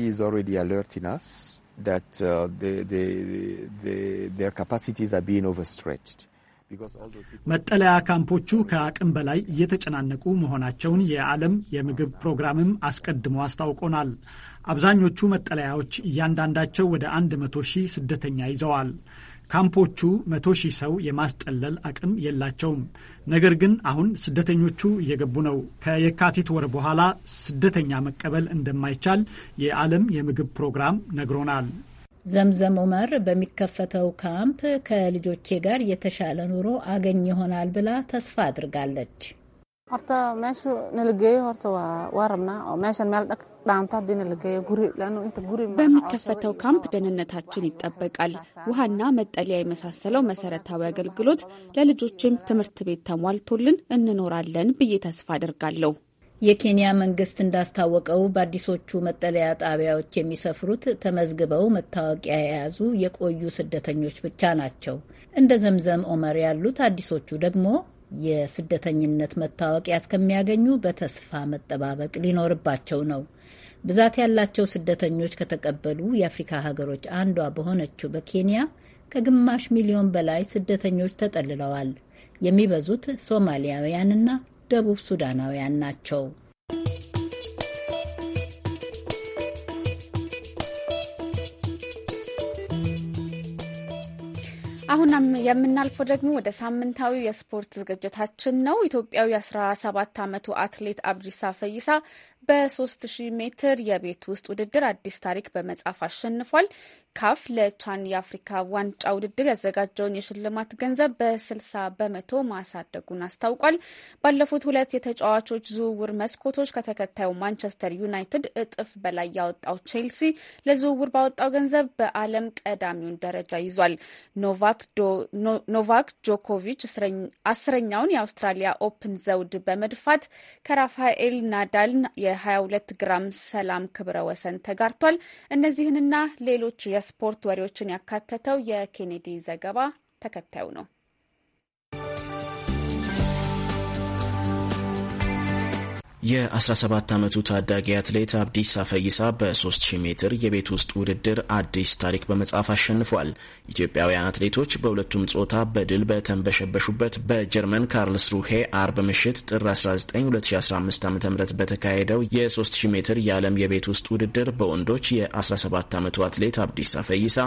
መጠለያ ካምፖቹ ከአቅም በላይ እየተጨናነቁ መሆናቸውን የዓለም የምግብ ፕሮግራምም አስቀድሞ አስታውቆናል። አብዛኞቹ መጠለያዎች እያንዳንዳቸው ወደ አንድ መቶ ሺህ ስደተኛ ይዘዋል። ካምፖቹ መቶ ሺህ ሰው የማስጠለል አቅም የላቸውም። ነገር ግን አሁን ስደተኞቹ እየገቡ ነው። ከየካቲት ወር በኋላ ስደተኛ መቀበል እንደማይቻል የዓለም የምግብ ፕሮግራም ነግሮናል። ዘምዘም ኡመር በሚከፈተው ካምፕ ከልጆቼ ጋር የተሻለ ኑሮ አገኝ ይሆናል ብላ ተስፋ አድርጋለች። horta meesha geeyo horta waa rabnaa oo meeshan meel dhaanto haddii በሚከፈተው ካምፕ ደህንነታችን ይጠበቃል። ውሃና መጠለያ የመሳሰለው መሰረታዊ አገልግሎት ለልጆችም ትምህርት ቤት ተሟልቶልን እንኖራለን ብዬ ተስፋ አድርጋለሁ። የኬንያ መንግስት እንዳስታወቀው በአዲሶቹ መጠለያ ጣቢያዎች የሚሰፍሩት ተመዝግበው መታወቂያ የያዙ የቆዩ ስደተኞች ብቻ ናቸው። እንደ ዘምዘም ኦመር ያሉት አዲሶቹ ደግሞ የስደተኝነት መታወቂያ እስከሚያገኙ በተስፋ መጠባበቅ ሊኖርባቸው ነው። ብዛት ያላቸው ስደተኞች ከተቀበሉ የአፍሪካ ሀገሮች አንዷ በሆነችው በኬንያ ከግማሽ ሚሊዮን በላይ ስደተኞች ተጠልለዋል። የሚበዙት ሶማሊያውያንና ደቡብ ሱዳናውያን ናቸው። አሁን የምናልፈው ደግሞ ወደ ሳምንታዊ የስፖርት ዝግጅታችን ነው። ኢትዮጵያዊ የ17 ዓመቱ አትሌት አብዲሳ ፈይሳ በ3000 ሜትር የቤት ውስጥ ውድድር አዲስ ታሪክ በመጻፍ አሸንፏል። ካፍ ለቻን የአፍሪካ ዋንጫ ውድድር ያዘጋጀውን የሽልማት ገንዘብ በ60 በመቶ ማሳደጉን አስታውቋል። ባለፉት ሁለት የተጫዋቾች ዝውውር መስኮቶች ከተከታዩ ማንቸስተር ዩናይትድ እጥፍ በላይ ያወጣው ቼልሲ ለዝውውር ባወጣው ገንዘብ በዓለም ቀዳሚውን ደረጃ ይዟል። ኖቫክ ጆኮቪች አስረኛውን የአውስትራሊያ ኦፕን ዘውድ በመድፋት ከራፋኤል ናዳል 22 ግራም ሰላም ክብረ ወሰን ተጋርቷል። እነዚህንና ሌሎች የስፖርት ወሬዎችን ያካተተው የኬኔዲ ዘገባ ተከታዩ ነው። የ17 ዓመቱ ታዳጊ አትሌት አብዲሳ ፈይሳ በ3000 ሜትር የቤት ውስጥ ውድድር አዲስ ታሪክ በመጻፍ አሸንፏል። ኢትዮጵያውያን አትሌቶች በሁለቱም ጾታ በድል በተንበሸበሹበት በጀርመን ካርልስ ሩሄ አርብ ምሽት ጥር 19 2015 ዓ ም በተካሄደው የ3000 ሜትር የዓለም የቤት ውስጥ ውድድር በወንዶች የ17 ዓመቱ አትሌት አብዲሳ ፈይሳ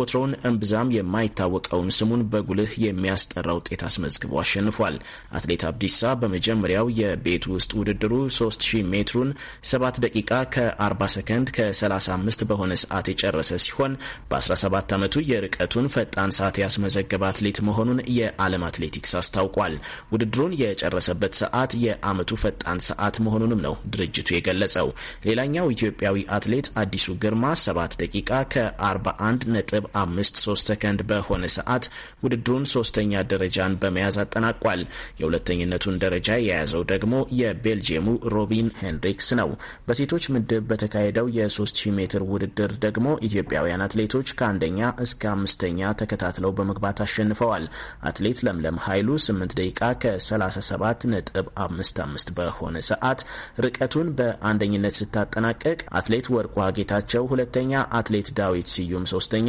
ወትሮውን እምብዛም የማይታወቀውን ስሙን በጉልህ የሚያስጠራ ውጤት አስመዝግቦ አሸንፏል። አትሌት አብዲሳ በመጀመሪያው የቤት ውስጥ ውድድሩ 3000 ሜትሩን 7 ደቂቃ ከ40 ሰከንድ ከ35 በሆነ ሰዓት የጨረሰ ሲሆን በ17 ዓመቱ የርቀቱን ፈጣን ሰዓት ያስመዘገበ አትሌት መሆኑን የዓለም አትሌቲክስ አስታውቋል። ውድድሩን የጨረሰበት ሰዓት የዓመቱ ፈጣን ሰዓት መሆኑንም ነው ድርጅቱ የገለጸው። ሌላኛው ኢትዮጵያዊ አትሌት አዲሱ ግርማ 7 ደቂቃ ከ41 ነጥብ 53 ሰከንድ በሆነ ሰዓት ውድድሩን ሶስተኛ ደረጃን በመያዝ አጠናቋል። የሁለተኝነቱን ደረጃ የያዘው ደግሞ የቤልጅየሙ ሮቢን ሄንሪክስ ነው። በሴቶች ምድብ በተካሄደው የ3000 ሜትር ውድድር ደግሞ ኢትዮጵያውያን አትሌቶች ከአንደኛ እስከ አምስተኛ ተከታትለው በመግባት አሸንፈዋል። አትሌት ለምለም ኃይሉ 8 ደቂቃ ከ37 ነጥብ 55 በሆነ ሰዓት ርቀቱን በአንደኝነት ስታጠናቀቅ አትሌት ወርቁ ጌታቸው ሁለተኛ፣ አትሌት ዳዊት ስዩም ሶስተኛ፣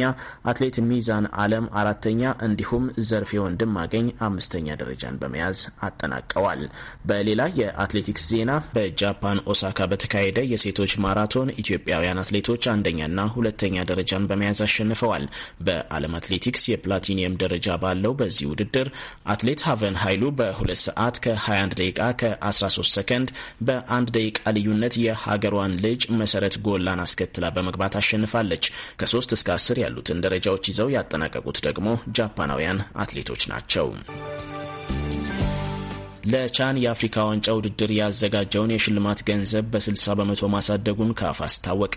አትሌት ሚዛን አለም አራተኛ፣ እንዲሁም ዘርፌ ወንድም አገኝ አምስተኛ ደረጃን በመያዝ አጠናቀዋል። በሌላ የአትሌቲክስ ዜና በጃፓን ኦሳካ በተካሄደ የሴቶች ማራቶን ኢትዮጵያውያን አትሌቶች አንደኛና ሁለተኛ ደረጃን በመያዝ አሸንፈዋል። በዓለም አትሌቲክስ የፕላቲኒየም ደረጃ ባለው በዚህ ውድድር አትሌት ሀቨን ኃይሉ በ2 ሰዓት ከ21 ደቂቃ ከ13 ሰከንድ በአንድ ደቂቃ ልዩነት የሀገሯን ልጅ መሰረት ጎላን አስከትላ በመግባት አሸንፋለች። ከ3 እስከ 10 ያሉትን ደረጃዎች ይዘው ያጠናቀቁት ደግሞ ጃፓናውያን አትሌቶች ናቸው። ለቻን የአፍሪካ ዋንጫ ውድድር ያዘጋጀውን የሽልማት ገንዘብ በ60 በመቶ ማሳደጉን ካፍ አስታወቀ።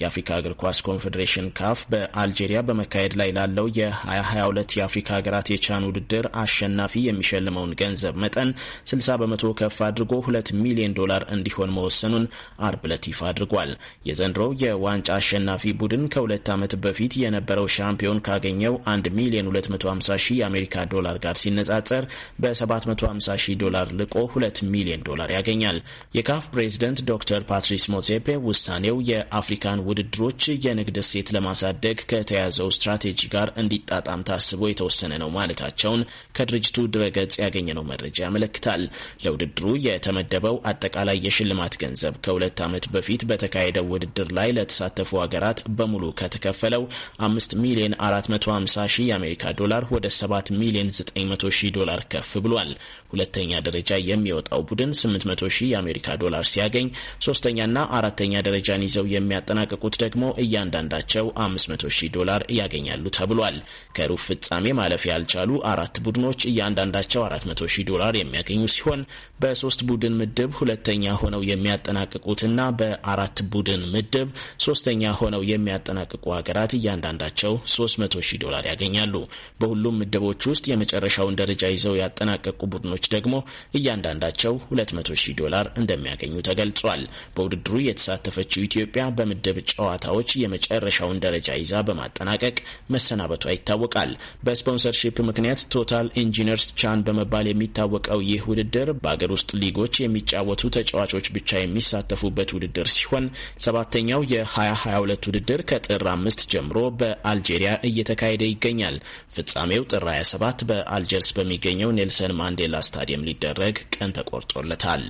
የአፍሪካ እግር ኳስ ኮንፌዴሬሽን ካፍ በአልጄሪያ በመካሄድ ላይ ላለው የ2022 የአፍሪካ ሀገራት የቻን ውድድር አሸናፊ የሚሸልመውን ገንዘብ መጠን 60 በመቶ ከፍ አድርጎ 2 ሚሊዮን ዶላር እንዲሆን መወሰኑን አርብ ዕለት ይፋ አድርጓል። የዘንድሮው የዋንጫ አሸናፊ ቡድን ከሁለት ዓመት በፊት የነበረው ሻምፒዮን ካገኘው 1 ሚሊዮን 250 ሺህ የአሜሪካ ዶላር ጋር ሲነጻጸር በ750 ሺህ ዶላር ልቆ 2 ሚሊዮን ዶላር ያገኛል። የካፍ ፕሬዝደንት ዶክተር ፓትሪስ ሞሴፔ ውሳኔው የአፍሪካን ውድድሮች የንግድ እሴት ለማሳደግ ከተያዘው ስትራቴጂ ጋር እንዲጣጣም ታስቦ የተወሰነ ነው ማለታቸውን ከድርጅቱ ድረገጽ ያገኘነው መረጃ ያመለክታል። ለውድድሩ የተመደበው አጠቃላይ የሽልማት ገንዘብ ከሁለት ዓመት በፊት በተካሄደው ውድድር ላይ ለተሳተፉ ሀገራት በሙሉ ከተከፈለው 5 ሚሊዮን 450 ሺህ የአሜሪካ ዶላር ወደ 7 ሚሊዮን 900 ሺህ ዶላር ከፍ ብሏል። ሁለተኛ ደረጃ የሚወጣው ቡድን 800 ሺህ የአሜሪካ ዶላር ሲያገኝ ሶስተኛና አራተኛ ደረጃን ይዘው የሚያጠናቅቁት ደግሞ እያንዳንዳቸው 500 ሺህ ዶላር ያገኛሉ ተብሏል። ከሩብ ፍጻሜ ማለፍ ያልቻሉ አራት ቡድኖች እያንዳንዳቸው 400 ሺህ ዶላር የሚያገኙ ሲሆን በሶስት ቡድን ምድብ ሁለተኛ ሆነው የሚያጠናቅቁትና በአራት ቡድን ምድብ ሶስተኛ ሆነው የሚያጠናቅቁ ሀገራት እያንዳንዳቸው 300 ሺህ ዶላር ያገኛሉ። በሁሉም ምድቦች ውስጥ የመጨረሻውን ደረጃ ይዘው ያጠናቀቁ ቡድኖች ደግሞ እያንዳንዳቸው 200,000 ዶላር እንደሚያገኙ ተገልጿል። በውድድሩ የተሳተፈችው ኢትዮጵያ በምድብ ጨዋታዎች የመጨረሻውን ደረጃ ይዛ በማጠናቀቅ መሰናበቷ ይታወቃል። በስፖንሰርሺፕ ምክንያት ቶታል ኢንጂነርስ ቻን በመባል የሚታወቀው ይህ ውድድር በአገር ውስጥ ሊጎች የሚጫወቱ ተጫዋቾች ብቻ የሚሳተፉበት ውድድር ሲሆን ሰባተኛው የ2022 ውድድር ከጥር አምስት ጀምሮ በአልጄሪያ እየተካሄደ ይገኛል። ፍጻሜው ጥር 27 በአልጀርስ በሚገኘው ኔልሰን ማንዴላ ስታዲየም ሊ እንዲደረግ ቀን ተቆርጦለታል።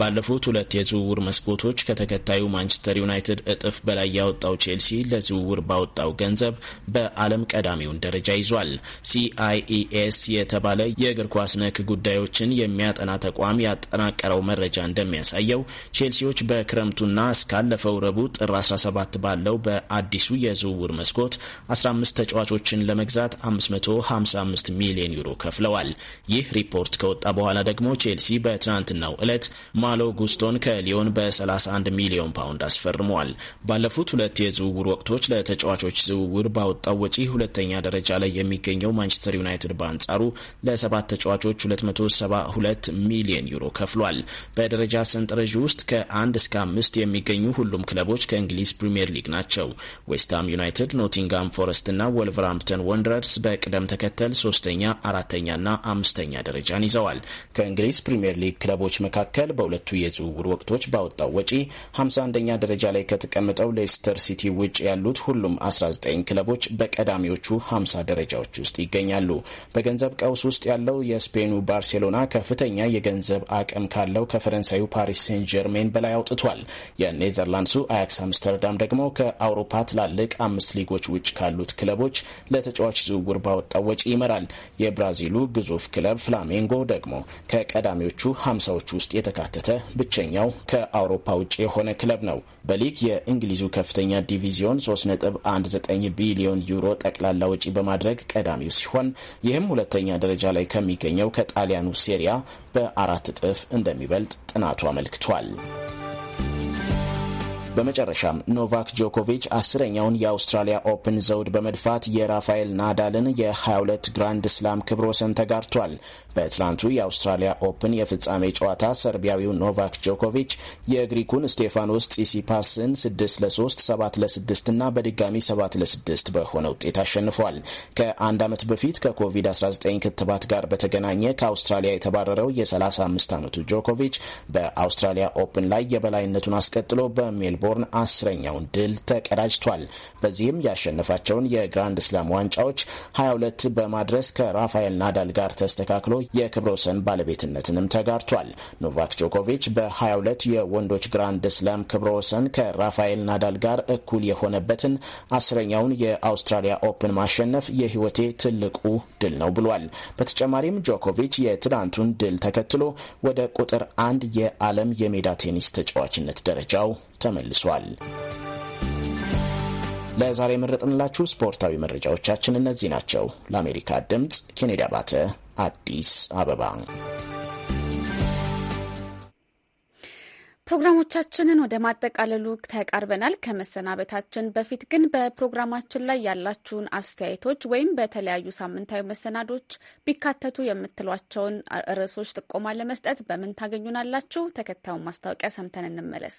ባለፉት ሁለት የዝውውር መስኮቶች ከተከታዩ ማንቸስተር ዩናይትድ እጥፍ በላይ ያወጣው ቼልሲ ለዝውውር ባወጣው ገንዘብ በዓለም ቀዳሚውን ደረጃ ይዟል። ሲአይኢኤስ የተባለ የእግር ኳስ ነክ ጉዳዮችን የሚያጠና ተቋም ያጠናቀረው መረጃ እንደሚያሳየው ቼልሲዎች በክረምቱና እስካለፈው ረቡዕ ጥር 17 ባለው በአዲሱ የዝውውር መስኮት 15 ተጫዋቾችን ለመግዛት 555 ሚሊዮን ዩሮ ከፍለዋል። ይህ ሪፖርት ከወጣ በኋላ ደግሞ ቼልሲ በትናንትናው ዕለት ማሎ ጉስቶን ከሊዮን በ31 ሚሊዮን ፓውንድ አስፈርሟል። ባለፉት ሁለት የዝውውር ወቅቶች ለተጫዋቾች ዝውውር ባወጣው ወጪ ሁለተኛ ደረጃ ላይ የሚገኘው ማንቸስተር ዩናይትድ በአንጻሩ ለሰባት ተጫዋቾች 272 ሚሊዮን ዩሮ ከፍሏል። በደረጃ ሰንጠረዥ ውስጥ ከአንድ እስከ አምስት የሚገኙ ሁሉም ክለቦች ከእንግሊዝ ፕሪምየር ሊግ ናቸው። ዌስትሃም ዩናይትድ፣ ኖቲንጋም ፎረስት እና ወልቨርሃምፕተን ወንድረርስ በቅደም ተከተል ሶስተኛ፣ አራተኛና አምስተኛ ደረጃን ይዘዋል። ከእንግሊዝ ፕሪምየር ሊግ ክለቦች መካከል በሁለ በሁለቱ የዝውውር ወቅቶች ባወጣው ወጪ 51ኛ ደረጃ ላይ ከተቀመጠው ሌስተር ሲቲ ውጭ ያሉት ሁሉም 19 ክለቦች በቀዳሚዎቹ 50 ደረጃዎች ውስጥ ይገኛሉ። በገንዘብ ቀውስ ውስጥ ያለው የስፔኑ ባርሴሎና ከፍተኛ የገንዘብ አቅም ካለው ከፈረንሳዩ ፓሪስ ሴን ጀርሜን በላይ አውጥቷል። የኔዘርላንድሱ አያክስ አምስተርዳም ደግሞ ከአውሮፓ ትላልቅ አምስት ሊጎች ውጭ ካሉት ክለቦች ለተጫዋች ዝውውር ባወጣው ወጪ ይመራል። የብራዚሉ ግዙፍ ክለብ ፍላሜንጎ ደግሞ ከቀዳሚዎቹ 50 ውስጥ የተካተተ ያካተተ ብቸኛው ከአውሮፓ ውጭ የሆነ ክለብ ነው። በሊግ የእንግሊዙ ከፍተኛ ዲቪዚዮን 3.19 ቢሊዮን ዩሮ ጠቅላላ ወጪ በማድረግ ቀዳሚው ሲሆን ይህም ሁለተኛ ደረጃ ላይ ከሚገኘው ከጣሊያኑ ሴሪያ በአራት እጥፍ እንደሚበልጥ ጥናቱ አመልክቷል። በመጨረሻም ኖቫክ ጆኮቪች አስረኛውን የአውስትራሊያ ኦፕን ዘውድ በመድፋት የራፋኤል ናዳልን የ22 ግራንድ ስላም ክብረ ወሰን ተጋርቷል። በትላንቱ የአውስትራሊያ ኦፕን የፍጻሜ ጨዋታ ሰርቢያዊው ኖቫክ ጆኮቪች የግሪኩን ስቴፋኖስ ጺሲፓስን 6 ለ3፣ 7 ለ6 እና በድጋሚ 7 ለ6 በሆነ ውጤት አሸንፏል። ከአንድ ዓመት በፊት ከኮቪድ-19 ክትባት ጋር በተገናኘ ከአውስትራሊያ የተባረረው የ35 ዓመቱ ጆኮቪች በአውስትራሊያ ኦፕን ላይ የበላይነቱን አስቀጥሎ በሜልቦ ሜልቦርን አስረኛውን ድል ተቀዳጅቷል። በዚህም ያሸነፋቸውን የግራንድ ስላም ዋንጫዎች 22 በማድረስ ከራፋኤል ናዳል ጋር ተስተካክሎ የክብረ ወሰን ባለቤትነትንም ተጋርቷል። ኖቫክ ጆኮቪች በ22 የወንዶች ግራንድ ስላም ክብረ ወሰን ከራፋኤል ናዳል ጋር እኩል የሆነበትን አስረኛውን የአውስትራሊያ ኦፕን ማሸነፍ የህይወቴ ትልቁ ድል ነው ብሏል። በተጨማሪም ጆኮቪች የትናንቱን ድል ተከትሎ ወደ ቁጥር አንድ የዓለም የሜዳ ቴኒስ ተጫዋችነት ደረጃው ተመልሷል። ለዛሬ የመረጥንላችሁ ስፖርታዊ መረጃዎቻችን እነዚህ ናቸው። ለአሜሪካ ድምፅ ኬኔዲ አባተ፣ አዲስ አበባ። ፕሮግራሞቻችንን ወደ ማጠቃለሉ ተቃርበናል። ከመሰናበታችን በፊት ግን በፕሮግራማችን ላይ ያላችሁን አስተያየቶች ወይም በተለያዩ ሳምንታዊ መሰናዶች ቢካተቱ የምትሏቸውን ርዕሶች ጥቆማ ለመስጠት በምን ታገኙናላችሁ? ተከታዩን ማስታወቂያ ሰምተን እንመለስ።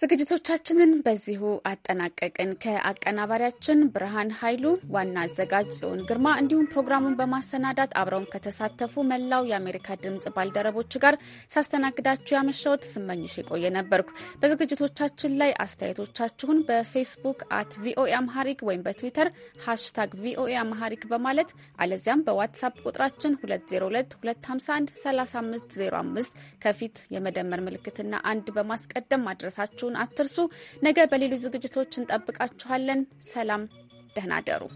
ዝግጅቶቻችንን በዚሁ አጠናቀቅን። ከአቀናባሪያችን ብርሃን ኃይሉ፣ ዋና አዘጋጅ ጽዮን ግርማ እንዲሁም ፕሮግራሙን በማሰናዳት አብረውን ከተሳተፉ መላው የአሜሪካ ድምጽ ባልደረቦች ጋር ሳስተናግዳችሁ ያመሻወት ስመኝሽ የቆየ ነበርኩ። በዝግጅቶቻችን ላይ አስተያየቶቻችሁን በፌስቡክ አት ቪኦኤ አምሃሪክ ወይም በትዊተር ሃሽታግ ቪኦኤ አምሃሪክ በማለት አለዚያም በዋትሳፕ ቁጥራችን 3505 ከፊት የመደመር ምልክትና አንድ በማስቀደም ማድረሳችሁ ማድረሳችሁን አትርሱ። ነገ በሌሎች ዝግጅቶች እንጠብቃችኋለን። ሰላም፣ ደህና ደሩ።